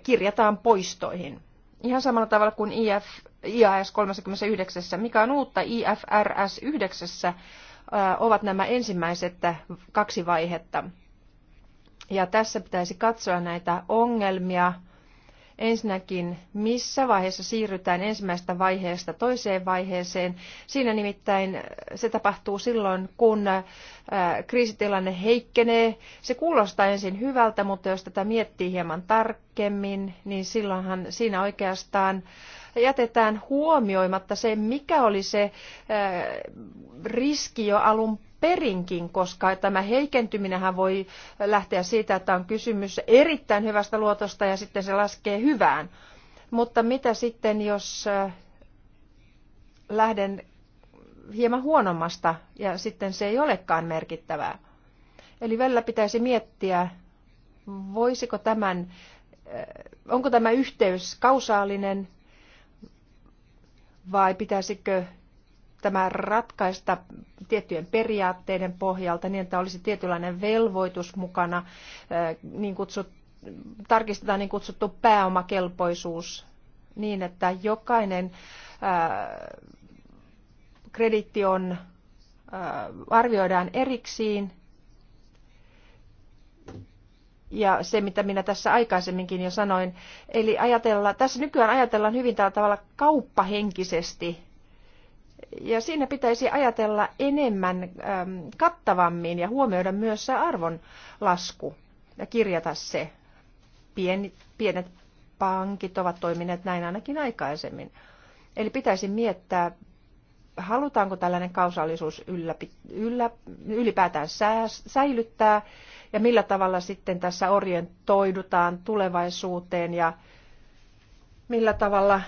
kirjataan poistoihin. Ihan samalla tavalla kuin IF, IAS 39, mikä on uutta IFRS 9, äh, ovat nämä ensimmäiset kaksi vaihetta. Ja tässä pitäisi katsoa näitä ongelmia. Ensinnäkin, missä vaiheessa siirrytään ensimmäisestä vaiheesta toiseen vaiheeseen. Siinä nimittäin äh, se tapahtuu silloin, kun äh, kriisitilanne heikkenee. Se kuulostaa ensin hyvältä, mutta jos tätä miettii hieman tarkemmin, niin silloinhan siinä oikeastaan jätetään huomioimatta se, mikä oli se äh, riski jo alun perinkin, koska tämä heikentyminenhän voi lähteä siitä, että on kysymys erittäin hyvästä luotosta ja sitten se laskee hyvään. Mutta mitä sitten, jos lähden hieman huonommasta ja sitten se ei olekaan merkittävää? Eli välillä pitäisi miettiä, voisiko tämän, onko tämä yhteys kausaalinen vai pitäisikö tämä ratkaista tiettyjen periaatteiden pohjalta niin, että olisi tietynlainen velvoitus mukana, äh, niin kutsut, tarkistetaan niin kutsuttu pääomakelpoisuus niin, että jokainen ää, äh, krediitti on, ää, äh, arvioidaan erikseen ja se, mitä minä tässä aikaisemminkin jo sanoin. Eli ajatella, tässä nykyään ajatellaan hyvin tällä tavalla kauppahenkisesti ja siinä pitäisi ajatella enemmän äm, kattavammin ja huomioida myös se arvonlasku ja kirjata se. Pienet, pienet pankit ovat toimineet näin ainakin aikaisemmin. Eli pitäisi miettää, halutaanko tällainen kausaalisuus ylläpi, yllä, ylipäätään sää, säilyttää ja millä tavalla sitten tässä orientoidutaan tulevaisuuteen ja millä tavalla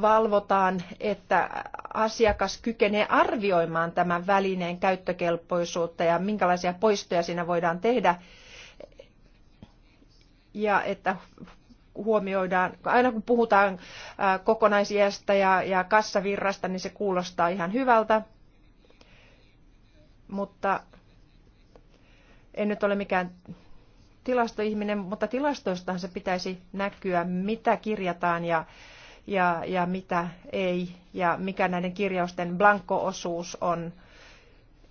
valvotaan, että asiakas kykenee arvioimaan tämän välineen käyttökelpoisuutta ja minkälaisia poistoja siinä voidaan tehdä. Ja että huomioidaan, aina kun puhutaan kokonaisiästä ja, ja kassavirrasta, niin se kuulostaa ihan hyvältä. Mutta en nyt ole mikään tilastoihminen, mutta tilastoistahan se pitäisi näkyä, mitä kirjataan ja, ja, ja mitä ei ja mikä näiden kirjausten osuus on.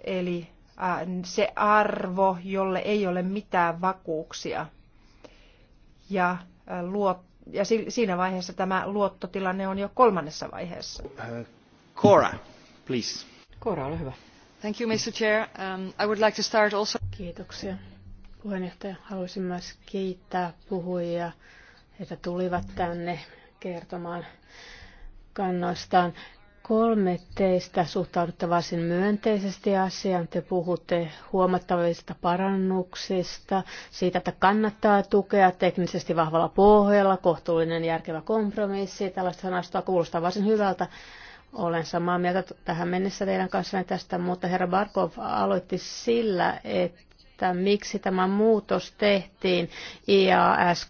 Eli äh, se arvo, jolle ei ole mitään vakuuksia. Ja, äh, luot, ja siinä vaiheessa tämä luottotilanne on jo kolmannessa vaiheessa. Äh, Cora, please. Cora, ole hyvä. Thank you, Mr. Chair. Um, I would like to start also... Kiitoksia. Puheenjohtaja, haluaisin myös kiittää puhujia, että tulivat tänne kertomaan kannoistaan. Kolme teistä suhtaudutte varsin myönteisesti asiaan. Te puhutte huomattavista parannuksista, siitä, että kannattaa tukea teknisesti vahvalla pohjalla, kohtuullinen järkevä kompromissi. Tällaista sanastoa kuulostaa varsin hyvältä. Olen samaa mieltä tähän mennessä teidän kanssanne tästä, mutta herra Barkov aloitti sillä, että että miksi tämä muutos tehtiin IAS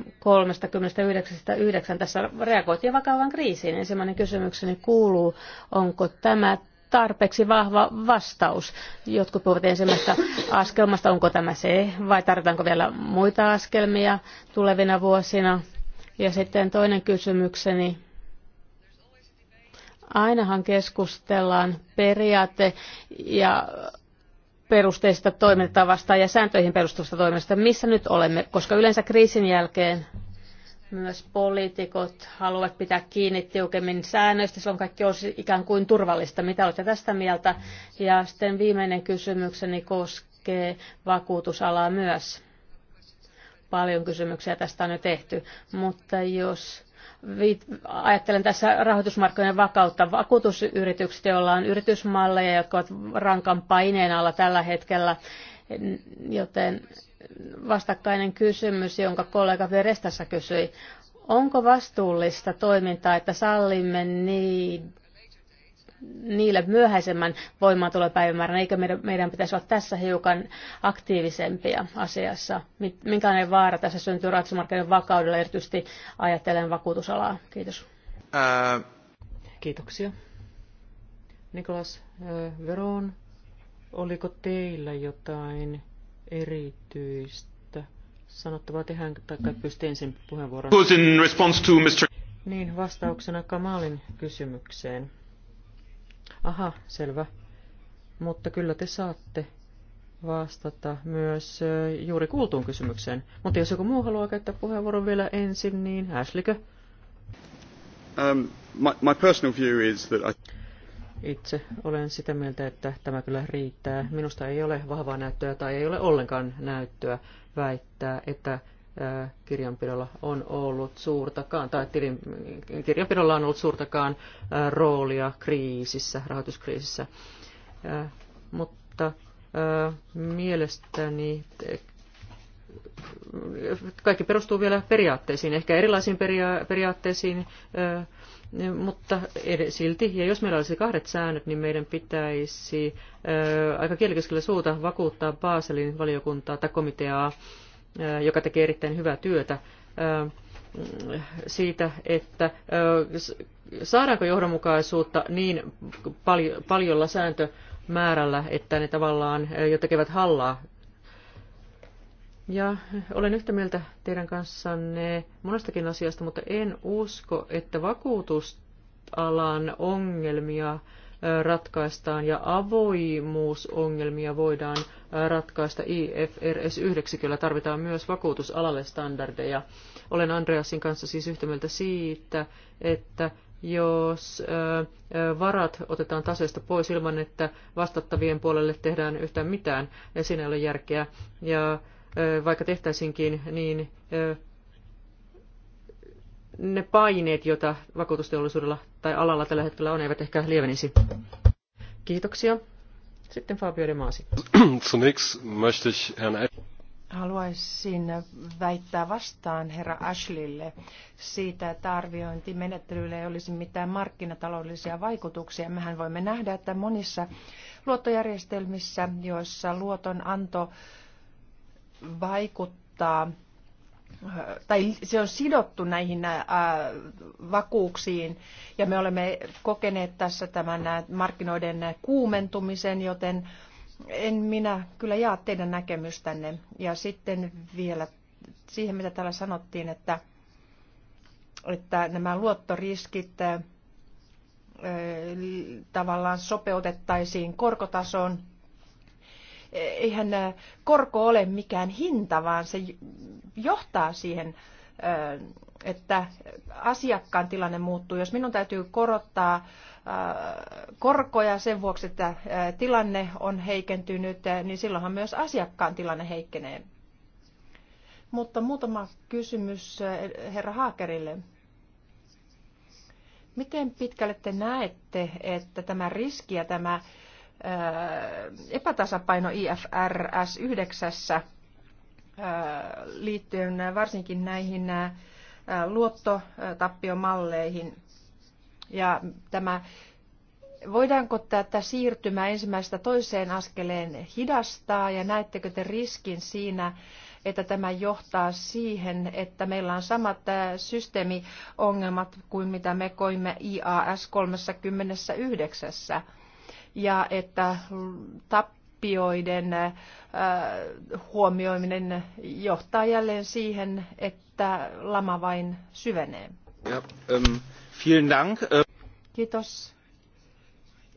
39.9. Tässä reagoitiin vakavaan kriisiin. Ensimmäinen kysymykseni kuuluu, onko tämä tarpeeksi vahva vastaus. Jotkut puhuvat ensimmäistä askelmasta, onko tämä se, vai tarvitaanko vielä muita askelmia tulevina vuosina. Ja sitten toinen kysymykseni. Ainahan keskustellaan periaate ja perusteista toimintatavasta ja sääntöihin perustuvasta toiminnasta, missä nyt olemme, koska yleensä kriisin jälkeen myös poliitikot haluavat pitää kiinni tiukemmin säännöistä, silloin kaikki on ikään kuin turvallista. Mitä olette tästä mieltä? Ja sitten viimeinen kysymykseni koskee vakuutusalaa myös. Paljon kysymyksiä tästä on jo tehty, mutta jos ajattelen tässä rahoitusmarkkinoiden vakautta. Vakuutusyritykset, joilla on yritysmalleja, jotka ovat rankan paineen alla tällä hetkellä, joten vastakkainen kysymys, jonka kollega Verestassa kysyi, onko vastuullista toimintaa, että sallimme niin niille myöhäisemmän voimaantulopäivämäärän, eikä meidän, meidän pitäisi olla tässä hiukan aktiivisempia asiassa. Minkälainen vaara tässä syntyy rahoitusmarkkinoiden vakaudella, erityisesti ajattelen vakuutusalaa? Kiitos. Ää... Kiitoksia. Nikolas Veron, oliko teillä jotain erityistä sanottavaa tehän, tai pysty ensin puheenvuoron? In response to Mr. Niin, vastauksena Kamalin kysymykseen. Aha, selvä. Mutta kyllä te saatte vastata myös juuri kuultuun kysymykseen. Mutta jos joku muu haluaa käyttää puheenvuoron vielä ensin, niin Ashleykö? Um, my, my personal view is that I... Itse olen sitä mieltä, että tämä kyllä riittää. Minusta ei ole vahvaa näyttöä tai ei ole ollenkaan näyttöä väittää, että kirjanpidolla on ollut suurtakaan, tai tilin, kirjanpidolla on ollut suurtakaan roolia kriisissä, rahoituskriisissä. Mutta mielestäni kaikki perustuu vielä periaatteisiin, ehkä erilaisiin periaatteisiin, mutta silti, ja jos meillä olisi kahdet säännöt, niin meidän pitäisi aika kielikeskellä suuta vakuuttaa Baselin valiokuntaa tai komiteaa joka tekee erittäin hyvää työtä, mm, siitä, että saadaanko johdonmukaisuutta niin paljolla sääntömäärällä, että ne tavallaan jo tekevät hallaa. Ja olen yhtä mieltä teidän kanssanne monestakin asiasta, mutta en usko, että vakuutusalan ongelmia ratkaistaan ja avoimuusongelmia voidaan ratkaista IFRS 9. Tarvitaan myös vakuutusalalle standardeja. Olen Andreasin kanssa siis yhtä mieltä siitä, että jos varat otetaan taseesta pois ilman, että vastattavien puolelle tehdään yhtään mitään, siinä ei ole järkeä. Ja vaikka tehtäisinkin, niin ne paineet, joita vakuutusteollisuudella tai alalla tällä hetkellä on, eivät ehkä lievenisi. Kiitoksia. Sitten Fabio De Masi. Haluaisin väittää vastaan herra Ashlille siitä, että arviointimenettelyllä ei olisi mitään markkinataloudellisia vaikutuksia. Mehän voimme nähdä, että monissa luottojärjestelmissä, joissa luotonanto vaikuttaa tai se on sidottu näihin vakuuksiin ja me olemme kokeneet tässä tämän markkinoiden kuumentumisen, joten en minä kyllä jaa teidän näkemystänne. Ja sitten vielä siihen, mitä täällä sanottiin, että, että nämä luottoriskit tavallaan sopeutettaisiin korkotasoon eihän äh, korko ole mikään hinta, vaan se johtaa siihen, äh, että asiakkaan tilanne muuttuu. Jos minun täytyy korottaa äh, korkoja sen vuoksi, että tilanne on heikentynyt, niin silloinhan myös asiakkaan tilanne heikkenee. Mutta muutama kysymys herra Haakerille. Miten pitkälle te näette, että tämä riski ja tämä Äh, epätasapaino IFRS 9 äh, liittyen varsinkin näihin äh, luottotappiomalleihin. Ja tämä, voidaanko tätä siirtymää ensimmäisestä toiseen askeleen hidastaa ja näettekö te riskin siinä, että tämä johtaa siihen, että meillä on samat systeemiongelmat kuin mitä me koimme IAS 39 ja että tappioiden äh, huomioiminen johtaa jälleen siihen, että lama vain syvenee. Ja, ähm, vielen Dank. Äh, Kiitos.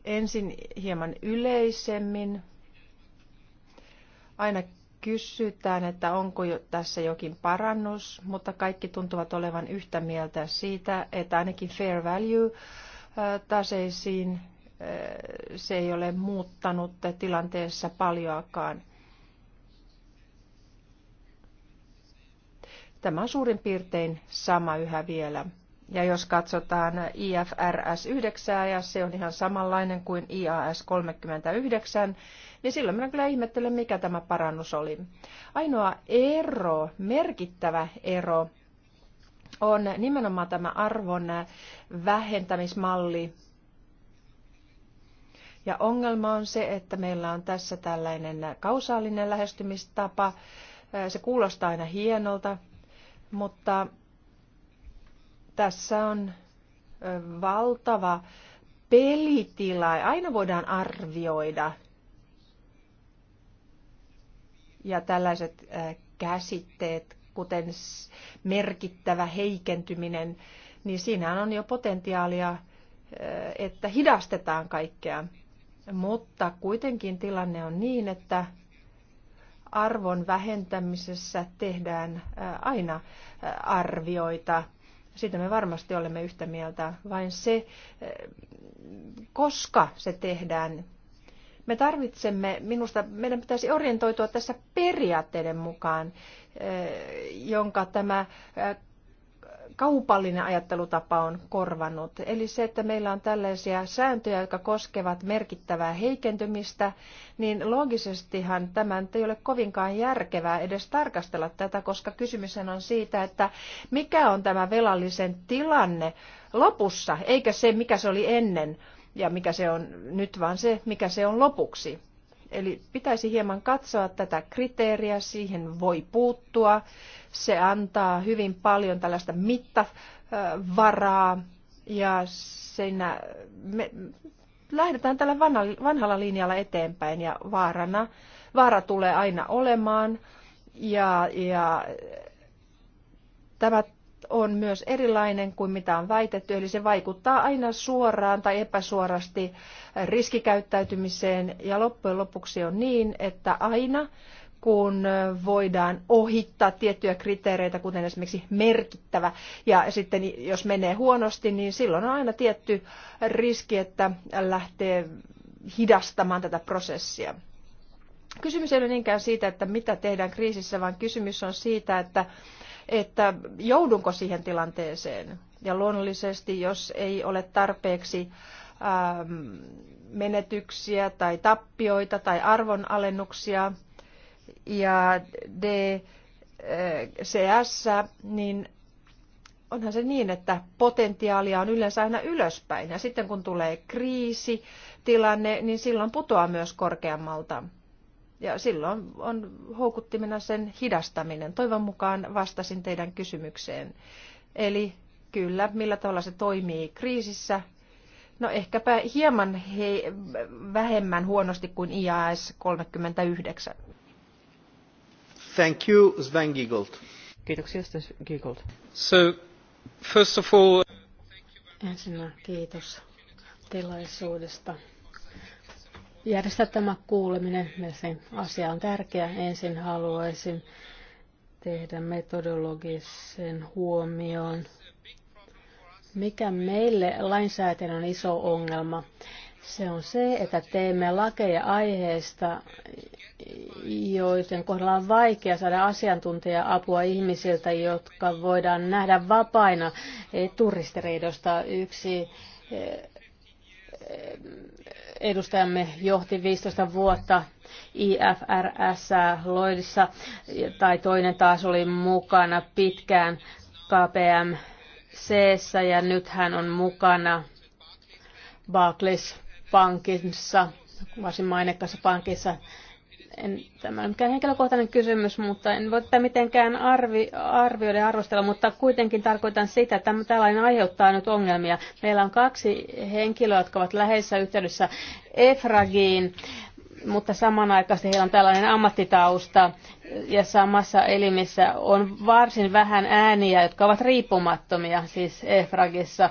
Ensin hieman yleisemmin. Aina kysytään, että onko tässä jokin parannus, mutta kaikki tuntuvat olevan yhtä mieltä siitä, että ainakin fair value äh, taseisiin se ei ole muuttanut tilanteessa paljoakaan. Tämä on suurin piirtein sama yhä vielä. Ja jos katsotaan IFRS 9 ja se on ihan samanlainen kuin IAS 39, niin silloin minä kyllä ihmettelen, mikä tämä parannus oli. Ainoa ero, merkittävä ero, on nimenomaan tämä arvon vähentämismalli, ja ongelma on se, että meillä on tässä tällainen kausaalinen lähestymistapa. Äh, se kuulostaa aina hienolta, mutta tässä on äh, valtava pelitila. Aina voidaan arvioida. Ja tällaiset äh, käsitteet, kuten merkittävä heikentyminen, niin siinä on jo potentiaalia, että hidastetaan kaikkea. Mutta kuitenkin tilanne on niin, että arvon vähentämisessä tehdään aina arvioita. Siitä me varmasti olemme yhtä mieltä. Vain se, koska se tehdään, me tarvitsemme, minusta meidän pitäisi orientoitua tässä periaatteiden mukaan, jonka tämä kaupallinen ajattelutapa on korvannut. Eli se, että meillä on tällaisia sääntöjä, jotka koskevat merkittävää heikentymistä, niin loogisestihan nyt ei ole kovinkaan järkevää edes tarkastella tätä, koska kysymys on siitä, että mikä on tämä velallisen tilanne lopussa, eikä se, mikä se oli ennen ja mikä se on nyt, vaan se, mikä se on lopuksi. Eli pitäisi hieman katsoa tätä kriteeriä, siihen voi puuttua. Se antaa hyvin paljon tällaista mittavaraa ja siinä me lähdetään tällä vanhalla linjalla eteenpäin ja vaarana, vaara tulee aina olemaan. Ja, ja tämä on myös erilainen kuin mitä on väitetty, eli se vaikuttaa aina suoraan tai epäsuorasti riskikäyttäytymiseen. Ja loppujen lopuksi on niin, että aina kun voidaan ohittaa tiettyjä kriteereitä, kuten esimerkiksi merkittävä, ja sitten jos menee huonosti, niin silloin on aina tietty riski, että lähtee hidastamaan tätä prosessia. Kysymys ei ole niinkään siitä, että mitä tehdään kriisissä, vaan kysymys on siitä, että että joudunko siihen tilanteeseen. Ja luonnollisesti, jos ei ole tarpeeksi ähm, menetyksiä tai tappioita tai arvonalennuksia ja DCS, äh, niin onhan se niin, että potentiaalia on yleensä aina ylöspäin. Ja sitten kun tulee kriisi, tilanne, niin silloin putoaa myös korkeammalta. Ja silloin on houkuttimena sen hidastaminen. Toivon mukaan vastasin teidän kysymykseen. Eli kyllä, millä tavalla se toimii kriisissä? No ehkäpä hieman he, vähemmän huonosti kuin IAS 39. Thank you, Sven Giegold. Kiitoksia, Sven Giegold. So, first of all... Ensinnä kiitos tilaisuudesta järjestää tämä kuuleminen. Se asia on tärkeä. Ensin haluaisin tehdä metodologisen huomioon. Mikä meille lainsäätäjän on iso ongelma? Se on se, että teemme lakeja aiheesta, joiden kohdalla on vaikea saada asiantuntija-apua ihmisiltä, jotka voidaan nähdä vapaina turistiriidosta. Yksi eh, edustajamme johti 15 vuotta IFRS Lloydissa, tai toinen taas oli mukana pitkään KPMC, ja nyt hän on mukana Barclays Pankissa, varsin mainekkaassa pankissa en, tämä on mikään henkilökohtainen kysymys, mutta en voi tätä mitenkään arvi, arvioida ja arvostella, mutta kuitenkin tarkoitan sitä, että tällainen aiheuttaa nyt ongelmia. Meillä on kaksi henkilöä, jotka ovat läheisessä yhteydessä EFRAGiin, mutta samanaikaisesti heillä on tällainen ammattitausta ja samassa elimissä on varsin vähän ääniä, jotka ovat riippumattomia siis EFRAGissa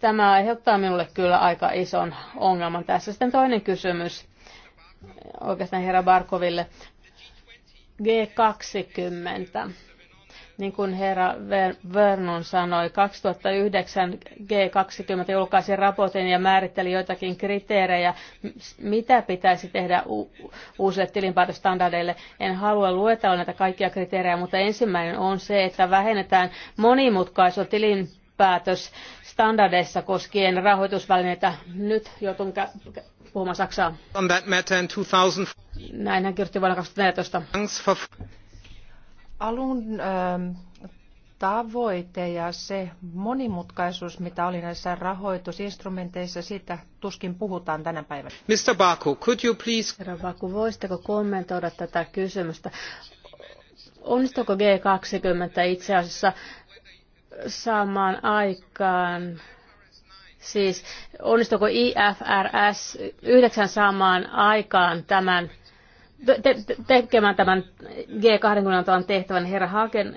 tämä aiheuttaa minulle kyllä aika ison ongelman. Tässä sitten toinen kysymys oikeastaan herra Barkoville. G20. Niin kuin herra Vernon sanoi, 2009 G20 julkaisi raportin ja määritteli joitakin kriteerejä, mitä pitäisi tehdä uusille tilinpäätöstandardeille. En halua luetella näitä kaikkia kriteerejä, mutta ensimmäinen on se, että vähennetään monimutkaisuutta tilin päätös standardeissa koskien rahoitusvälineitä. Nyt joutun kä- puhumaan Saksaa. On that matter in 2000... Näin hän kirjoitti vuonna 2014. Alun ähm, tavoite ja se monimutkaisuus, mitä oli näissä rahoitusinstrumenteissa, siitä tuskin puhutaan tänä päivänä. Mr. Baku, could you please... Herra Baku, voisitteko kommentoida tätä kysymystä? Onnistuuko G20 itse asiassa saamaan aikaan? Siis onnistuko IFRS 9 saamaan aikaan tämän te, te, tekemään tämän G20 tehtävän herra Haken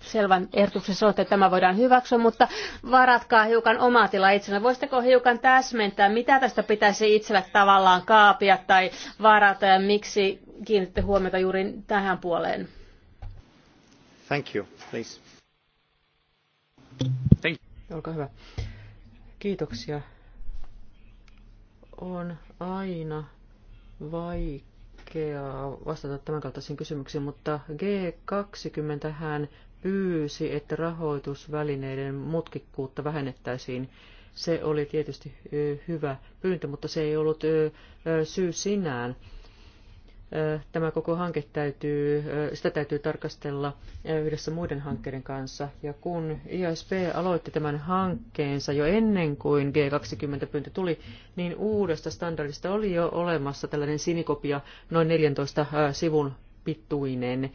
selvän ehdotuksen suhteen, että tämä voidaan hyväksyä, mutta varatkaa hiukan omaa tilaa itsellä. Voisitteko hiukan täsmentää, mitä tästä pitäisi itsellä tavallaan kaapia tai varata ja miksi kiinnitte huomiota juuri tähän puoleen? Thank you. Please. Thank you. Olkaa hyvä. Kiitoksia. On aina vaikeaa vastata tämän kaltaisiin kysymyksiin, mutta G20 hän pyysi, että rahoitusvälineiden mutkikkuutta vähennettäisiin. Se oli tietysti hyvä pyyntö, mutta se ei ollut syy sinään Tämä koko hanke täytyy, sitä täytyy tarkastella yhdessä muiden hankkeiden kanssa. Ja kun ISP aloitti tämän hankkeensa jo ennen kuin G20-pyyntö tuli, niin uudesta standardista oli jo olemassa tällainen sinikopia noin 14 sivun pituinen.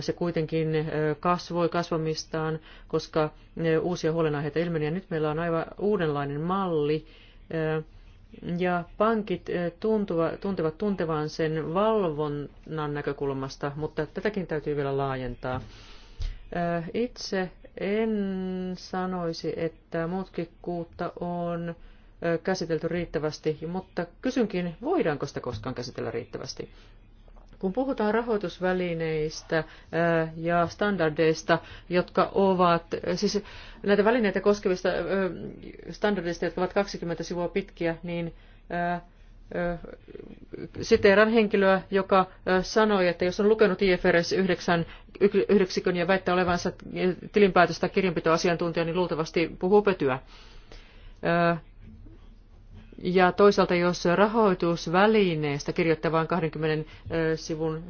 Se kuitenkin kasvoi kasvamistaan, koska uusia huolenaiheita ilmeni ja nyt meillä on aivan uudenlainen malli, ja pankit eh, tuntuva, tuntevat tuntevaan sen valvonnan näkökulmasta, mutta tätäkin täytyy vielä laajentaa. Eh, itse en sanoisi, että mutkikkuutta on eh, käsitelty riittävästi, mutta kysynkin, voidaanko sitä koskaan käsitellä riittävästi. Kun puhutaan rahoitusvälineistä äh, ja standardeista, jotka ovat, äh, siis näitä välineitä koskevista äh, standardeista, jotka ovat 20 sivua pitkiä, niin siteeran henkilöä, joka sanoi, että jos on lukenut IFRS 9 yksikön ja väittää olevansa tilinpäätöstä kirjanpitoasiantuntija, niin luultavasti puhuu pötyä. Ja toisaalta, jos rahoitusvälineestä kirjoittaa vain 20 sivun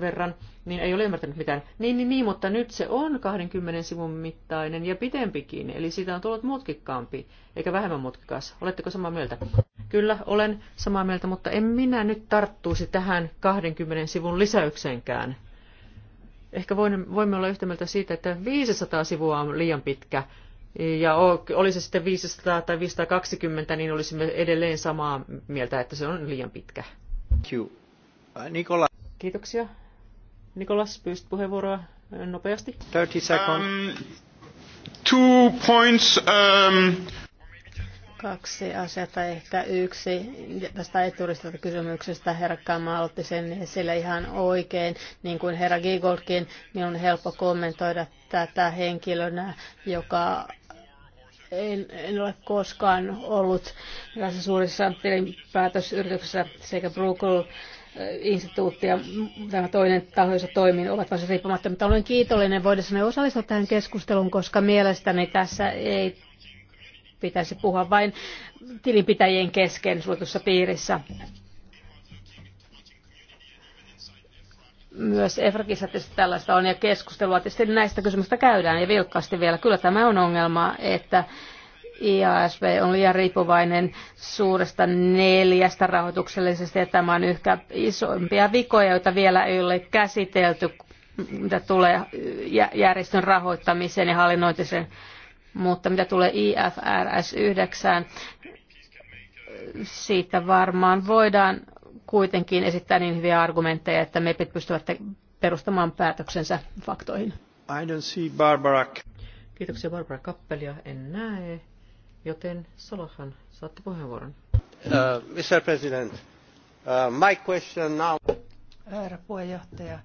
verran, niin ei ole ymmärtänyt mitään. Niin, niin, niin, mutta nyt se on 20 sivun mittainen ja pitempikin, eli siitä on tullut mutkikkaampi, eikä vähemmän mutkikas. Oletteko samaa mieltä? Kyllä, olen samaa mieltä, mutta en minä nyt tarttuisi tähän 20 sivun lisäykseenkään. Ehkä voimme olla yhtä mieltä siitä, että 500 sivua on liian pitkä ja oli se sitten 500 tai 520, niin olisimme edelleen samaa mieltä, että se on liian pitkä. Äh, Nikola. Kiitoksia. Nikolas, pyysit puheenvuoroa äh, nopeasti. 30 seconds. Um, two points. Um... Kaksi asiaa tai ehkä yksi tästä eturistasta kysymyksestä. Herra Kama otti sen esille ihan oikein. Niin kuin herra Gigolkin, niin on helppo kommentoida tätä henkilönä, joka en, en ole koskaan ollut tässä suurissa tilinpäätösyrityksessä sekä Brookle eh, instituutti ja tämä toinen taho, jossa toimin, ovat varsin riippumattomia. Olen kiitollinen voidessani osallistua tähän keskusteluun, koska mielestäni tässä ei pitäisi puhua vain tilinpitäjien kesken suljetussa piirissä. Myös Efrakissa tietysti tällaista on ja keskustelua tietysti näistä kysymyksistä käydään ja vilkkaasti vielä. Kyllä tämä on ongelma, että IASV on liian riippuvainen suuresta neljästä rahoituksellisesta ja tämä on yhkä isoimpia vikoja, joita vielä ei ole käsitelty, mitä tulee järjestön rahoittamiseen ja hallinnointiseen mutta mitä tulee IFRS 9, siitä varmaan voidaan kuitenkin esittää niin hyviä argumentteja, että MEPit pystyvät perustamaan päätöksensä faktoihin. I don't see Barbara. Kiitoksia Barbara Kappelia, en näe, joten Solahan, saatte puheenvuoron. Uh, Mr. President, uh, my question now... Herra puheenjohtaja,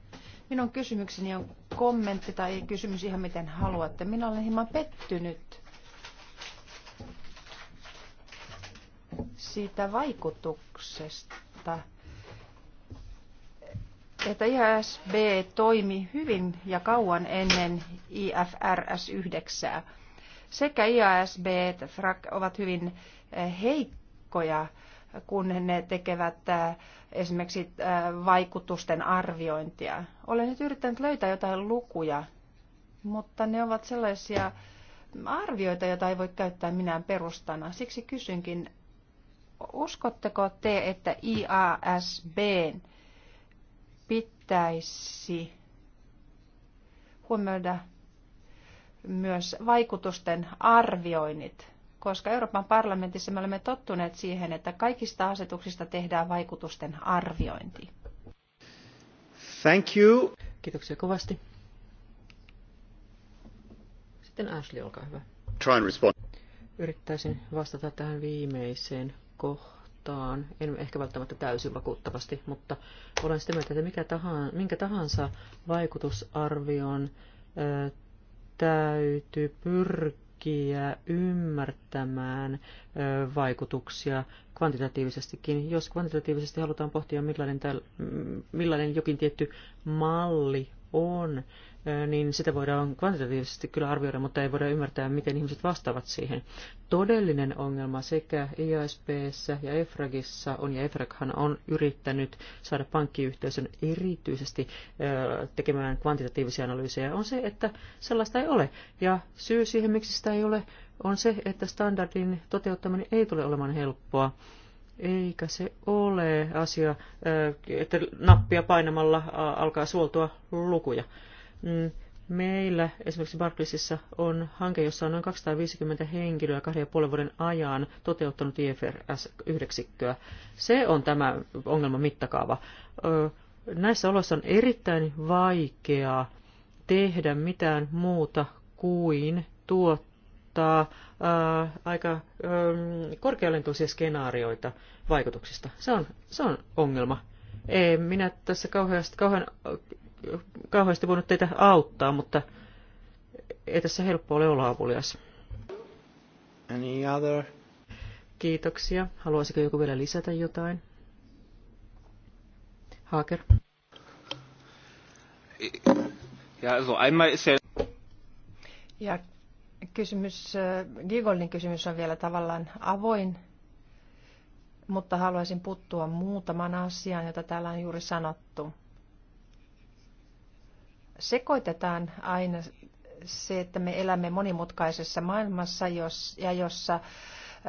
Minun kysymykseni on kommentti tai kysymys ihan miten haluatte. Minä olen hieman pettynyt siitä vaikutuksesta, että IASB toimi hyvin ja kauan ennen IFRS 9. Sekä IASB että FRAC ovat hyvin eh, heikkoja kun ne tekevät esimerkiksi vaikutusten arviointia. Olen nyt yrittänyt löytää jotain lukuja, mutta ne ovat sellaisia arvioita, joita ei voi käyttää minään perustana. Siksi kysynkin, uskotteko te, että IASB pitäisi huomioida myös vaikutusten arvioinnit koska Euroopan parlamentissa me olemme tottuneet siihen, että kaikista asetuksista tehdään vaikutusten arviointi. Thank you. Kiitoksia kovasti. Sitten Ashley, olkaa hyvä. Try and respond. Yrittäisin vastata tähän viimeiseen kohtaan. En ehkä välttämättä täysin vakuuttavasti, mutta olen sitä mieltä, että mikä tahan, minkä tahansa vaikutusarvion ö, täytyy pyrkiä pyrkiä ymmärtämään vaikutuksia kvantitatiivisestikin. Jos kvantitatiivisesti halutaan pohtia, millainen, millainen jokin tietty malli on, niin sitä voidaan kvantitatiivisesti kyllä arvioida, mutta ei voida ymmärtää, miten ihmiset vastaavat siihen. Todellinen ongelma sekä IASPssä ja EFRAGissa on, ja EFRAGhan on yrittänyt saada pankkiyhteisön erityisesti tekemään kvantitatiivisia analyysejä, on se, että sellaista ei ole. Ja syy siihen, miksi sitä ei ole, on se, että standardin toteuttaminen ei tule olemaan helppoa. Eikä se ole asia, että nappia painamalla alkaa suoltua lukuja. Mm, meillä esimerkiksi Barclaysissa on hanke, jossa on noin 250 henkilöä kahden ja puolen vuoden ajan toteuttanut IFRS-yhdeksikköä. Se on tämä ongelman mittakaava. Näissä oloissa on erittäin vaikeaa tehdä mitään muuta kuin tuottaa ää, aika korkealentoisia skenaarioita vaikutuksista. Se on, se on ongelma. Ei minä tässä kauheasti, kauhean kauheasti voinut teitä auttaa, mutta ei tässä helppo ole olla avulias. Any other? Kiitoksia. Haluaisiko joku vielä lisätä jotain? Haker? Ja, so einmal ist ja... ja kysymys, äh, Gigolin kysymys on vielä tavallaan avoin, mutta haluaisin puuttua muutaman asiaan, jota täällä on juuri sanottu sekoitetaan aina se, että me elämme monimutkaisessa maailmassa jos, ja jossa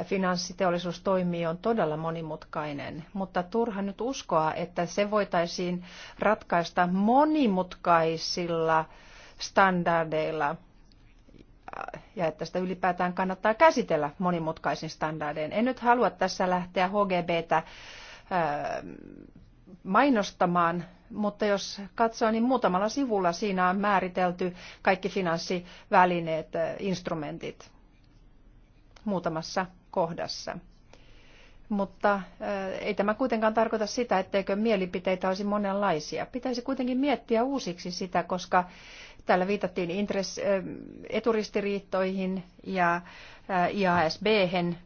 finanssiteollisuus toimii on todella monimutkainen, mutta turha nyt uskoa, että se voitaisiin ratkaista monimutkaisilla standardeilla ja että sitä ylipäätään kannattaa käsitellä monimutkaisin standardein. En nyt halua tässä lähteä HGBtä mainostamaan, mutta jos katsoo, niin muutamalla sivulla siinä on määritelty kaikki finanssivälineet, eh, instrumentit muutamassa kohdassa. Mutta eh, ei tämä kuitenkaan tarkoita sitä, etteikö mielipiteitä olisi monenlaisia. Pitäisi kuitenkin miettiä uusiksi sitä, koska täällä viitattiin intress, eh, eturistiriittoihin ja IASB, hen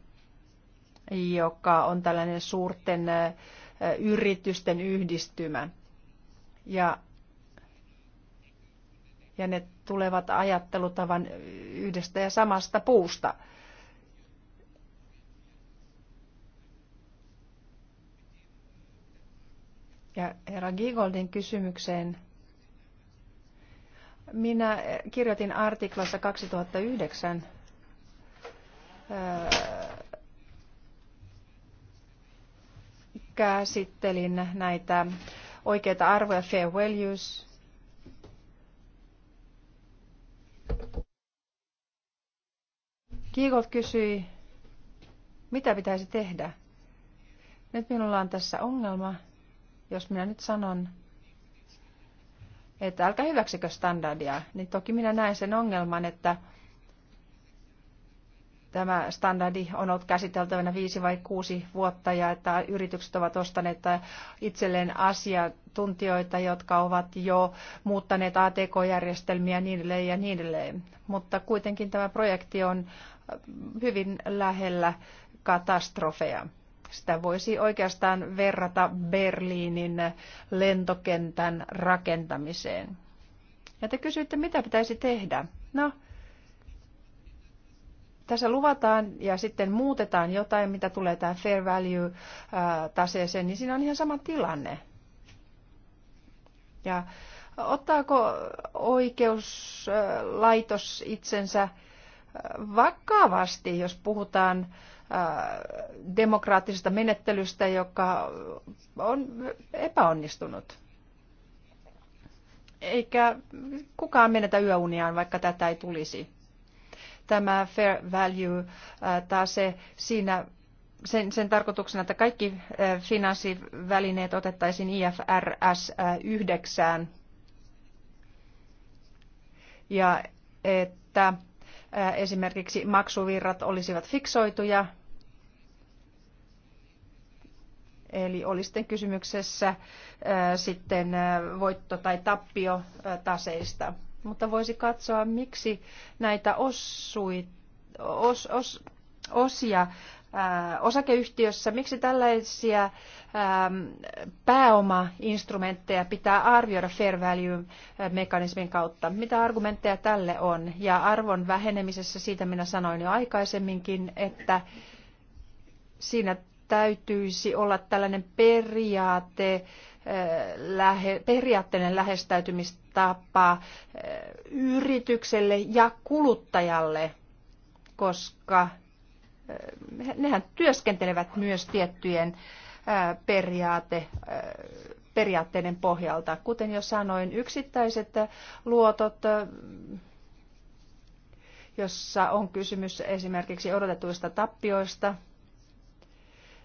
joka on tällainen suurten yritysten yhdistymä. Ja, ja ne tulevat ajattelutavan yhdestä ja samasta puusta. Ja herra Gigoldin kysymykseen minä kirjoitin artiklassa 2009 käsittelin näitä oikeita arvoja, fair values, Kiikolt kysyi, mitä pitäisi tehdä? Nyt minulla on tässä ongelma, jos minä nyt sanon, että älkää hyväksikö standardia, niin toki minä näen sen ongelman, että tämä standardi on ollut käsiteltävänä viisi vai kuusi vuotta ja että yritykset ovat ostaneet itselleen asiantuntijoita, jotka ovat jo muuttaneet ATK-järjestelmiä ja niin edelleen ja niin edelleen. Mutta kuitenkin tämä projekti on hyvin lähellä katastrofeja. Sitä voisi oikeastaan verrata Berliinin lentokentän rakentamiseen. Ja te kysyitte, mitä pitäisi tehdä? No, tässä luvataan ja sitten muutetaan jotain, mitä tulee tähän fair value-taseeseen, äh, niin siinä on ihan sama tilanne. Ja ottaako oikeuslaitos itsensä äh, vakavasti, jos puhutaan äh, demokraattisesta menettelystä, joka on epäonnistunut? Eikä kukaan menetä yöuniaan, vaikka tätä ei tulisi tämä fair value äh, tase siinä sen, sen tarkoituksena, että kaikki äh, finanssivälineet otettaisiin IFRS 9 äh, ja että esimerkiksi maksuvirrat olisivat fiksoituja. Eli oli sitten kysymyksessä sitten voitto- tai tappio taseista mutta voisi katsoa, miksi näitä osui os, os, osia ää, osakeyhtiössä, miksi tällaisia ää, pääomainstrumentteja pitää arvioida fair value-mekanismin kautta. Mitä argumentteja tälle on? Ja arvon vähenemisessä siitä minä sanoin jo aikaisemminkin, että siinä täytyisi olla tällainen periaate, lähe, periaatteinen lähestäytymistä tapa eh, yritykselle ja kuluttajalle, koska eh, nehän työskentelevät myös tiettyjen eh, periaate, periaatteiden pohjalta. Kuten jo sanoin, yksittäiset luotot, jossa on kysymys esimerkiksi odotetuista tappioista,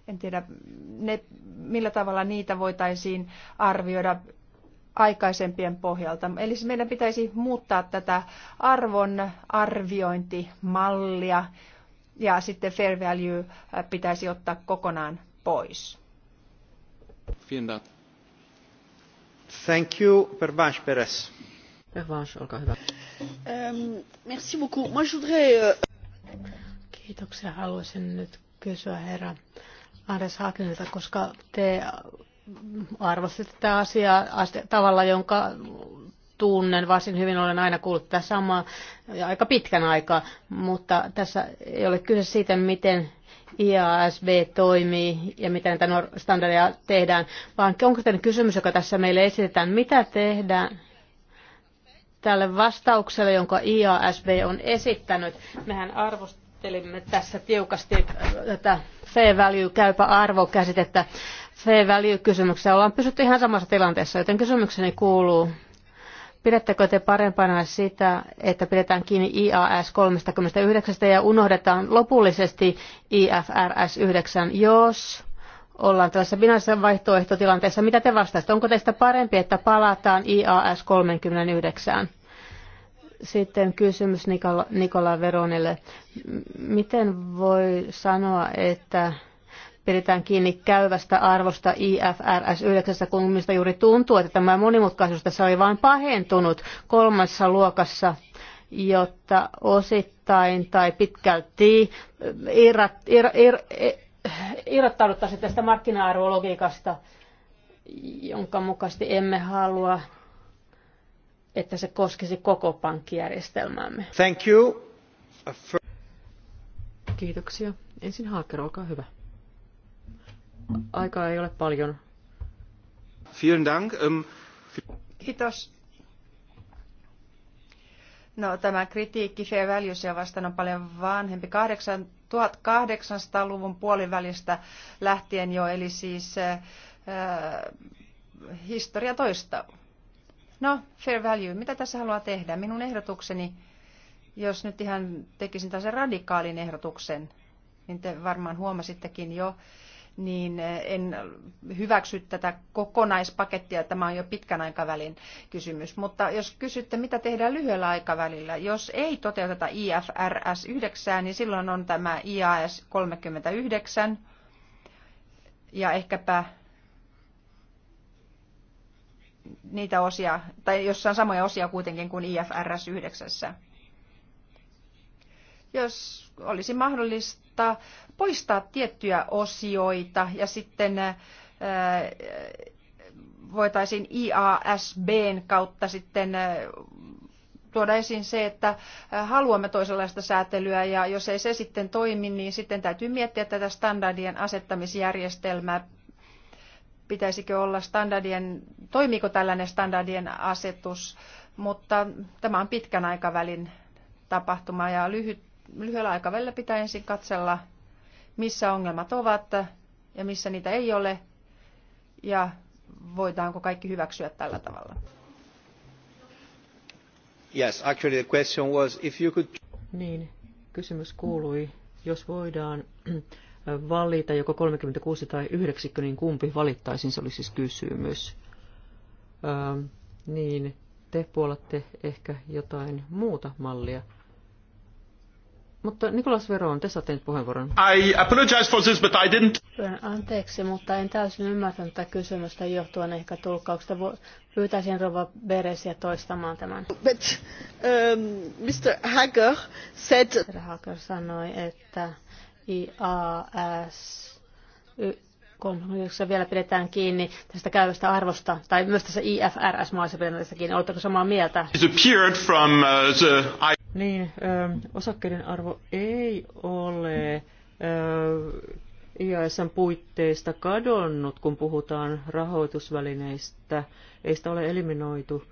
en tiedä, ne, millä tavalla niitä voitaisiin arvioida aikaisempien pohjalta. Eli siis meidän pitäisi muuttaa tätä arvon arviointimallia ja sitten fair value pitäisi ottaa kokonaan pois. Thank you, Pervanche Perez. Pervanche, olkaa hyvä. Um, merci beaucoup. Moi, je voudrais, uh... Kiitoksia. Haluaisin nyt kysyä herra Andres Hakenilta, koska te arvostit tätä asiaa tavalla, jonka tunnen varsin hyvin, olen aina kuullut tätä samaa ja aika pitkän aikaa, mutta tässä ei ole kyse siitä, miten IASB toimii ja miten näitä standardeja tehdään, vaan onko tämä kysymys, joka tässä meille esitetään, mitä tehdään tälle vastaukselle, jonka IASB on esittänyt. Mehän arvostelimme tässä tiukasti tätä fair value käypä arvokäsitettä. käsitettä C-väliykysymyksessä ollaan pysytty ihan samassa tilanteessa, joten kysymykseni kuuluu, pidättekö te parempana sitä, että pidetään kiinni IAS 39 ja unohdetaan lopullisesti IFRS 9, jos ollaan tällaisessa binaisessa vaihtoehtotilanteessa. Mitä te vastaatte? Onko teistä parempi, että palataan IAS 39? Sitten kysymys Nikola, Nikola Veronille. Miten voi sanoa, että pidetään kiinni käyvästä arvosta IFRS 9, kun minusta juuri tuntuu, että tämä monimutkaisuus tässä oli vain pahentunut kolmassa luokassa, jotta osittain tai pitkälti eh, irrat, ir, ir, ir, eh, irrottauduttaisiin tästä markkina-arvologiikasta, jonka mukaisesti emme halua, että se koskisi koko pankkijärjestelmäämme. Thank you. Kiitoksia. Ensin Haaker, olkaa hyvä. Aikaa ei ole paljon. Vielen Dank. Ähm, Kiitos. No, tämä kritiikki Fair Valuesia vastaan on paljon vanhempi. 1800-luvun puolivälistä lähtien jo, eli siis äh, äh, historia toista. No, Fair Value, mitä tässä haluaa tehdä? Minun ehdotukseni, jos nyt ihan tekisin tällaisen radikaalin ehdotuksen, niin te varmaan huomasittekin jo, niin eh, en hyväksy tätä kokonaispakettia. Tämä on jo pitkän aikavälin kysymys. Mutta jos kysytte, mitä tehdään lyhyellä aikavälillä, jos ei toteuteta IFRS 9, niin silloin on tämä IAS 39 ja ehkäpä niitä osia, tai jossain samoja osia kuitenkin kuin IFRS 9. Jos olisi mahdollista poistaa tiettyjä osioita ja sitten voitaisiin IASBn kautta sitten tuoda esiin se, että haluamme toisenlaista säätelyä ja jos ei se sitten toimi, niin sitten täytyy miettiä tätä standardien asettamisjärjestelmää. Pitäisikö olla standardien, toimiiko tällainen standardien asetus, mutta tämä on pitkän aikavälin tapahtuma ja lyhyt, lyhyellä aikavälillä pitää ensin katsella missä ongelmat ovat ja missä niitä ei ole ja voidaanko kaikki hyväksyä tällä tavalla. Yes, actually the question was if you could... Niin, kysymys kuului, jos voidaan valita joko 36 tai 90, niin kumpi valittaisiin, se oli siis kysymys. Ähm, niin, te puolatte ehkä jotain muuta mallia. Mutta Nikolas Veron, te saatte nyt puheenvuoron. I apologize for this, but I didn't... Pyydän anteeksi, mutta en täysin ymmärtänyt tätä kysymystä johtuen ehkä tulkkauksesta. Pyytäisin Rova Beresia toistamaan tämän. But, um, Mr. Hager said... Mr. Hager sanoi, että IAS... Y- jossa vielä pidetään kiinni tästä käyvästä arvosta, tai myös tässä IFRS-maassa pidetään tästä kiinni. Oletteko samaa mieltä? It appeared from, uh, the niin osakkeiden arvo ei ole IASn puitteista kadonnut, kun puhutaan rahoitusvälineistä. Ei sitä ole eliminoitu.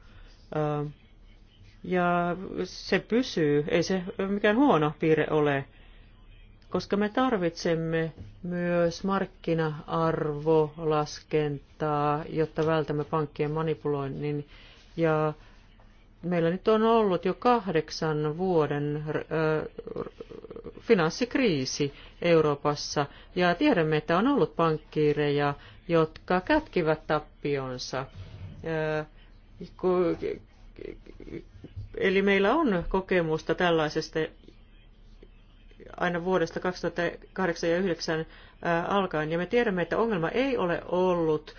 Ja se pysyy, ei se mikään huono piirre ole, koska me tarvitsemme myös markkina-arvolaskentaa, jotta vältämme pankkien manipuloinnin ja meillä nyt on ollut jo kahdeksan vuoden finanssikriisi Euroopassa ja tiedämme, että on ollut pankkiireja, jotka kätkivät tappionsa. Eli meillä on kokemusta tällaisesta aina vuodesta 2008 ja 2009 alkaen. Ja me tiedämme, että ongelma ei ole ollut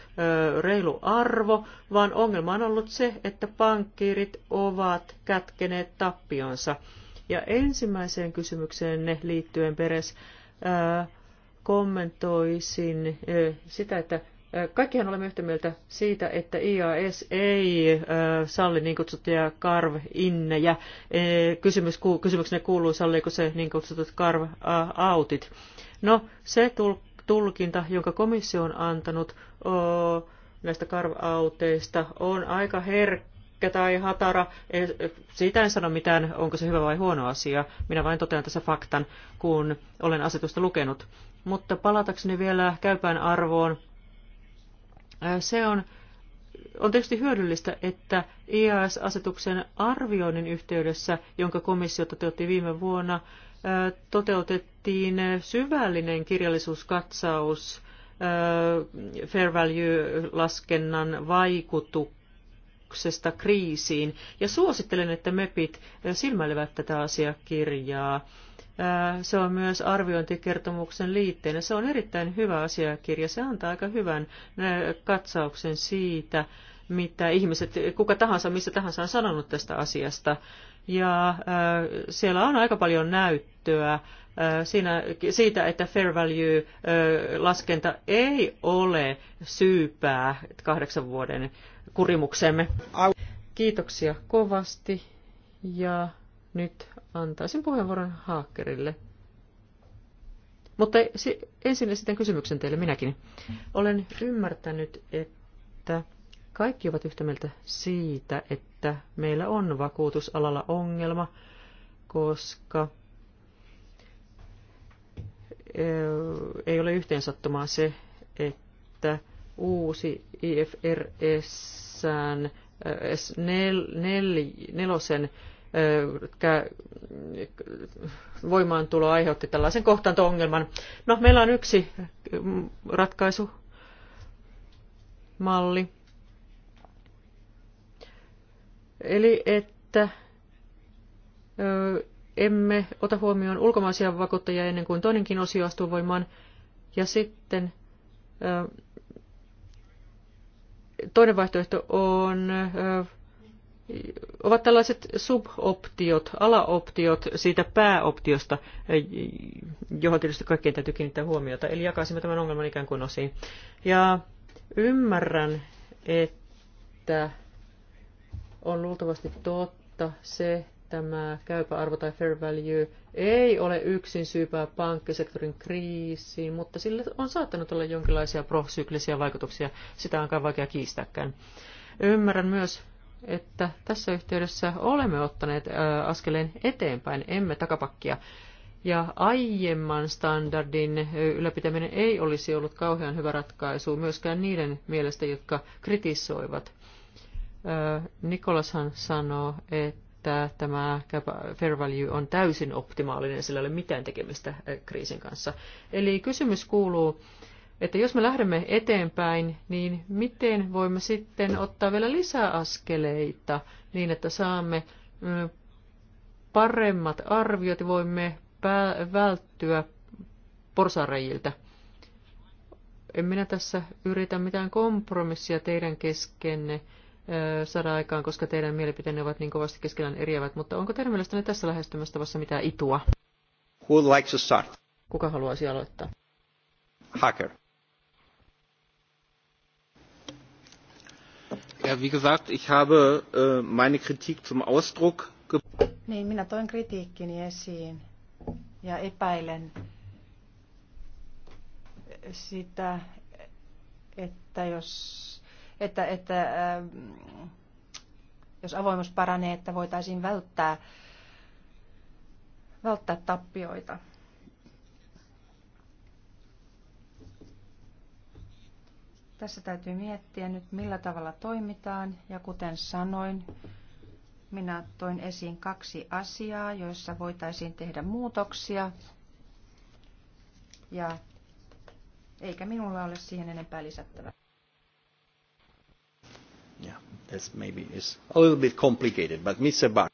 reilu arvo, vaan ongelma on ollut se, että pankkiirit ovat kätkeneet tappionsa. Ja ensimmäiseen kysymykseenne liittyen Peres kommentoisin sitä, että Kaikkihan olemme yhtä mieltä siitä, että IAS ei salli niin kutsuttuja karv innejä e, Kysymys, kysymyksenä kuuluu, salliiko se niin kutsutut karv-autit. No, se tulkinta, jonka komissio on antanut näistä karv-auteista, on aika herkkä tai hatara. E, siitä en sano mitään, onko se hyvä vai huono asia. Minä vain totean tässä faktan, kun olen asetusta lukenut. Mutta palatakseni vielä käypään arvoon se on, on tietysti hyödyllistä, että IAS-asetuksen e arvioinnin yhteydessä, jonka komissio toteutti viime vuonna, toteutettiin syvällinen kirjallisuuskatsaus fair value-laskennan vaikutuksesta kriisiin. Ja suosittelen, että MEPit silmäilevät tätä asiakirjaa se on myös arviointikertomuksen liitteenä. Se on erittäin hyvä asiakirja. Se antaa aika hyvän katsauksen siitä, mitä ihmiset, kuka tahansa, missä tahansa on sanonut tästä asiasta. Ja siellä on aika paljon näyttöä siinä, siitä, että fair value-laskenta ei ole syypää kahdeksan vuoden kurimuksemme. Kiitoksia kovasti ja nyt antaisin puheenvuoron Haakkerille. Mutta ensin sitten kysymyksen teille minäkin. Olen ymmärtänyt, että kaikki ovat yhtä mieltä siitä, että meillä on vakuutusalalla ongelma, koska ei ole yhteensattumaa se, että uusi IFRS nelosen voimaantulo aiheutti tällaisen kohtaanto-ongelman. No, meillä on yksi ratkaisumalli. Eli että emme ota huomioon ulkomaisia vakuuttajia ennen kuin toinenkin osio astuu voimaan. Ja sitten toinen vaihtoehto on ovat tällaiset suboptiot, alaoptiot siitä pääoptiosta, eh, johon tietysti kaikkien täytyy kiinnittää huomiota. Eli jakaisimme tämän ongelman ikään kuin osiin. Ja ymmärrän, että on luultavasti totta se, tämä käypä arvo tai fair value ei ole yksin syypää pankkisektorin kriisiin, mutta sillä on saattanut olla jonkinlaisia prosyklisiä vaikutuksia. Sitä onkaan vaikea kiistääkään. Ymmärrän myös että tässä yhteydessä olemme ottaneet askeleen eteenpäin, emme takapakkia. Ja aiemman standardin ylläpitäminen ei olisi ollut kauhean hyvä ratkaisu myöskään niiden mielestä, jotka kritisoivat. Nikolashan sanoo, että tämä fair value on täysin optimaalinen, sillä ei ole mitään tekemistä kriisin kanssa. Eli kysymys kuuluu, että jos me lähdemme eteenpäin, niin miten voimme sitten ottaa vielä lisää askeleita niin, että saamme paremmat arviot ja voimme välttyä porsareijiltä. En minä tässä yritä mitään kompromissia teidän keskenne saada aikaan, koska teidän mielipiteenne ovat niin kovasti keskenään eriävät, mutta onko teidän mielestänne tässä lähestymistavassa mitään itua? Who likes to start? Kuka haluaisi aloittaa? Hacker. wie gesagt, ich habe äh, meine Kritik zum Ausdruck niin, minä toin kritiikkini esiin ja epäilen sitä, että jos, että, että, äh, jos avoimuus paranee, että voitaisiin välttää, välttää tappioita. Tässä täytyy miettiä nyt, millä tavalla toimitaan. Ja kuten sanoin, minä toin esiin kaksi asiaa, joissa voitaisiin tehdä muutoksia. Ja eikä minulla ole siihen enempää lisättävää. Yeah, maybe is a little bit complicated, but Mr. Bar.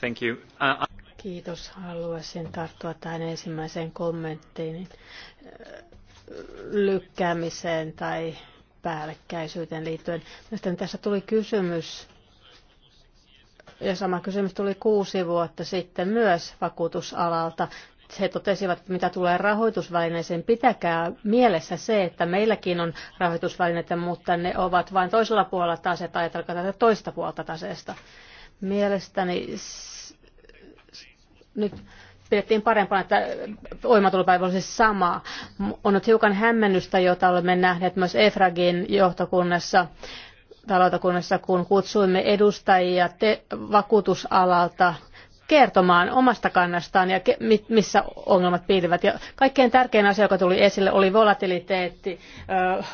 Thank you. Uh, Kiitos. Haluaisin tarttua tähän ensimmäiseen kommenttiin lykkäämiseen tai päällekkäisyyteen liittyen. Sitten tässä tuli kysymys, ja sama kysymys tuli kuusi vuotta sitten myös vakuutusalalta. He totesivat, että mitä tulee rahoitusvälineeseen, pitäkää mielessä se, että meilläkin on rahoitusvälineitä, mutta ne ovat vain toisella puolella tase ajatelkaa tätä toista puolta taseesta. Mielestäni nyt pidettiin parempana, että voimatulopäivä olisi sama. On nyt hiukan hämmennystä, jota olemme nähneet myös EFRAGin johtokunnassa talotakunnassa, kun kutsuimme edustajia te- vakuutusalalta kertomaan omasta kannastaan ja missä ongelmat piilivät. Ja kaikkein tärkein asia, joka tuli esille, oli volatiliteetti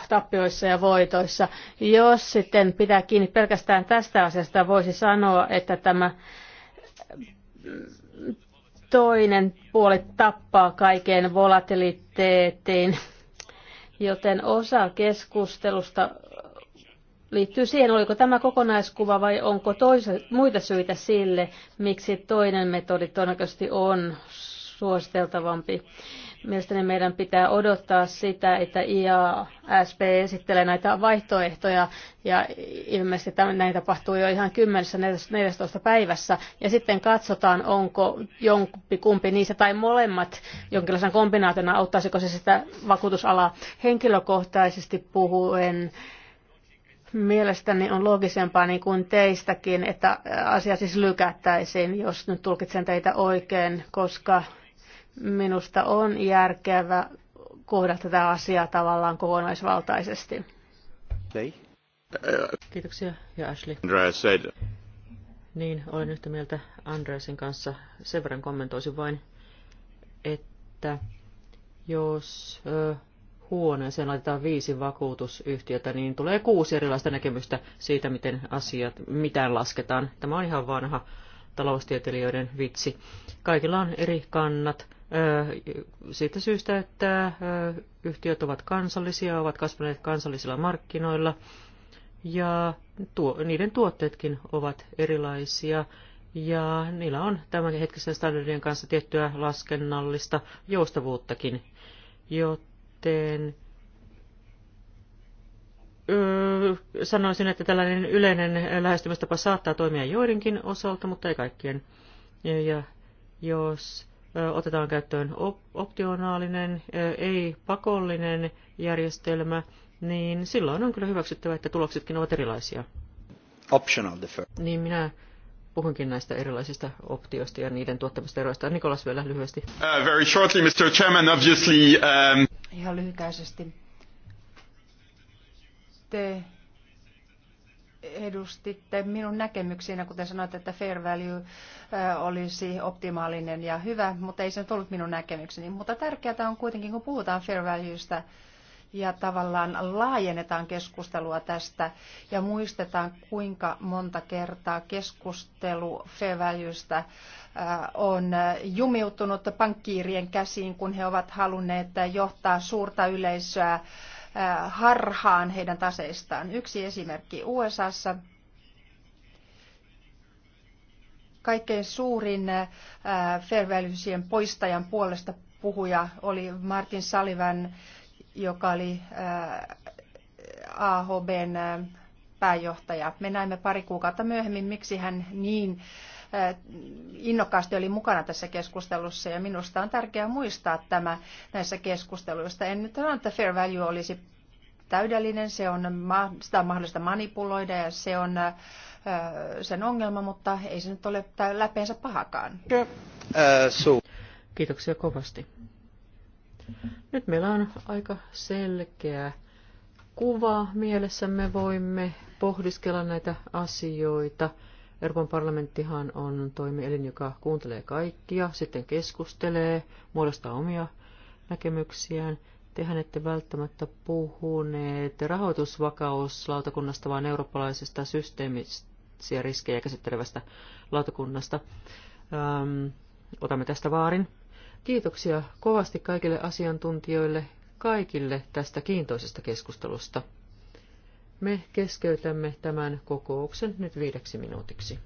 tappioissa ja voitoissa. Jos sitten pitää kiinni pelkästään tästä asiasta, voisi sanoa, että tämä toinen puoli tappaa kaiken volatiliteetin, joten osa keskustelusta liittyy siihen, oliko tämä kokonaiskuva vai onko toisa, muita syitä sille, miksi toinen metodi todennäköisesti on suositeltavampi. Mielestäni meidän pitää odottaa sitä, että IASP esittelee näitä vaihtoehtoja ja ilmeisesti näin tapahtuu jo ihan 10-14 päivässä. Ja sitten katsotaan, onko jompi kumpi niistä tai molemmat jonkinlaisena kombinaationa, auttaisiko se sitä vakuutusalaa henkilökohtaisesti puhuen. Mielestäni on loogisempaa niin kuin teistäkin, että asia siis lykättäisiin, jos nyt tulkitsen teitä oikein, koska Minusta on järkevä kohdata tätä asiaa tavallaan kokonaisvaltaisesti. Ei. Kiitoksia. Ja Ashley. Andreas said. Niin, olen yhtä mieltä Andreasin kanssa. Sen verran kommentoisin vain, että jos ö, huoneeseen laitetaan viisi vakuutusyhtiötä, niin tulee kuusi erilaista näkemystä siitä, miten asiat, mitään lasketaan. Tämä on ihan vanha taloustieteilijöiden vitsi. Kaikilla on eri kannat siitä syystä, että yhtiöt ovat kansallisia, ovat kasvaneet kansallisilla markkinoilla ja tuo, niiden tuotteetkin ovat erilaisia ja niillä on tämän hetkisen standardien kanssa tiettyä laskennallista joustavuuttakin, joten sanoisin, että tällainen yleinen lähestymistapa saattaa toimia joidenkin osalta, mutta ei kaikkien. Ja jos otetaan käyttöön optionaalinen, ei pakollinen järjestelmä, niin silloin on kyllä hyväksyttävä, että tuloksetkin ovat erilaisia. Optional defer. Niin minä puhunkin näistä erilaisista optioista ja niiden tuottamista eroista. Nikolas vielä lyhyesti. Uh, very shortly, Mr. Chairman, obviously. Um... Ihan lyhykäisesti te edustitte minun näkemyksiinä, kuten sanoit, että fair value äh, olisi optimaalinen ja hyvä, mutta ei se nyt ollut minun näkemykseni. Mutta tärkeää on kuitenkin, kun puhutaan fair valuesta ja tavallaan laajennetaan keskustelua tästä ja muistetaan, kuinka monta kertaa keskustelu fair valuesta äh, on jumiutunut pankkiirien käsiin, kun he ovat halunneet johtaa suurta yleisöä Äh, harhaan heidän taseistaan. Yksi esimerkki USAssa. Kaikkein suurin äh, fair poistajan puolesta puhuja oli Martin Sullivan, joka oli äh, AHBn pääjohtaja. Me näimme pari kuukautta myöhemmin, miksi hän niin äh, innokkaasti oli mukana tässä keskustelussa ja minusta on tärkeää muistaa tämä näissä keskusteluissa. En nyt sano, että fair value olisi täydellinen, se on, sitä on mahdollista manipuloida ja se on sen ongelma, mutta ei se nyt ole läpeensä pahakaan. Kiitoksia kovasti. Nyt meillä on aika selkeä kuva. Mielessämme voimme pohdiskella näitä asioita. Euroopan parlamenttihan on toimielin, joka kuuntelee kaikkia, sitten keskustelee, muodostaa omia näkemyksiään. Tehän ette välttämättä puhuneet rahoitusvakauslautakunnasta, vaan eurooppalaisesta systeemisiä riskejä käsittelevästä lautakunnasta. Öm, ähm, otamme tästä vaarin. Kiitoksia kovasti kaikille asiantuntijoille, kaikille tästä kiintoisesta keskustelusta. Me keskeytämme tämän kokouksen nyt viideksi minuutiksi.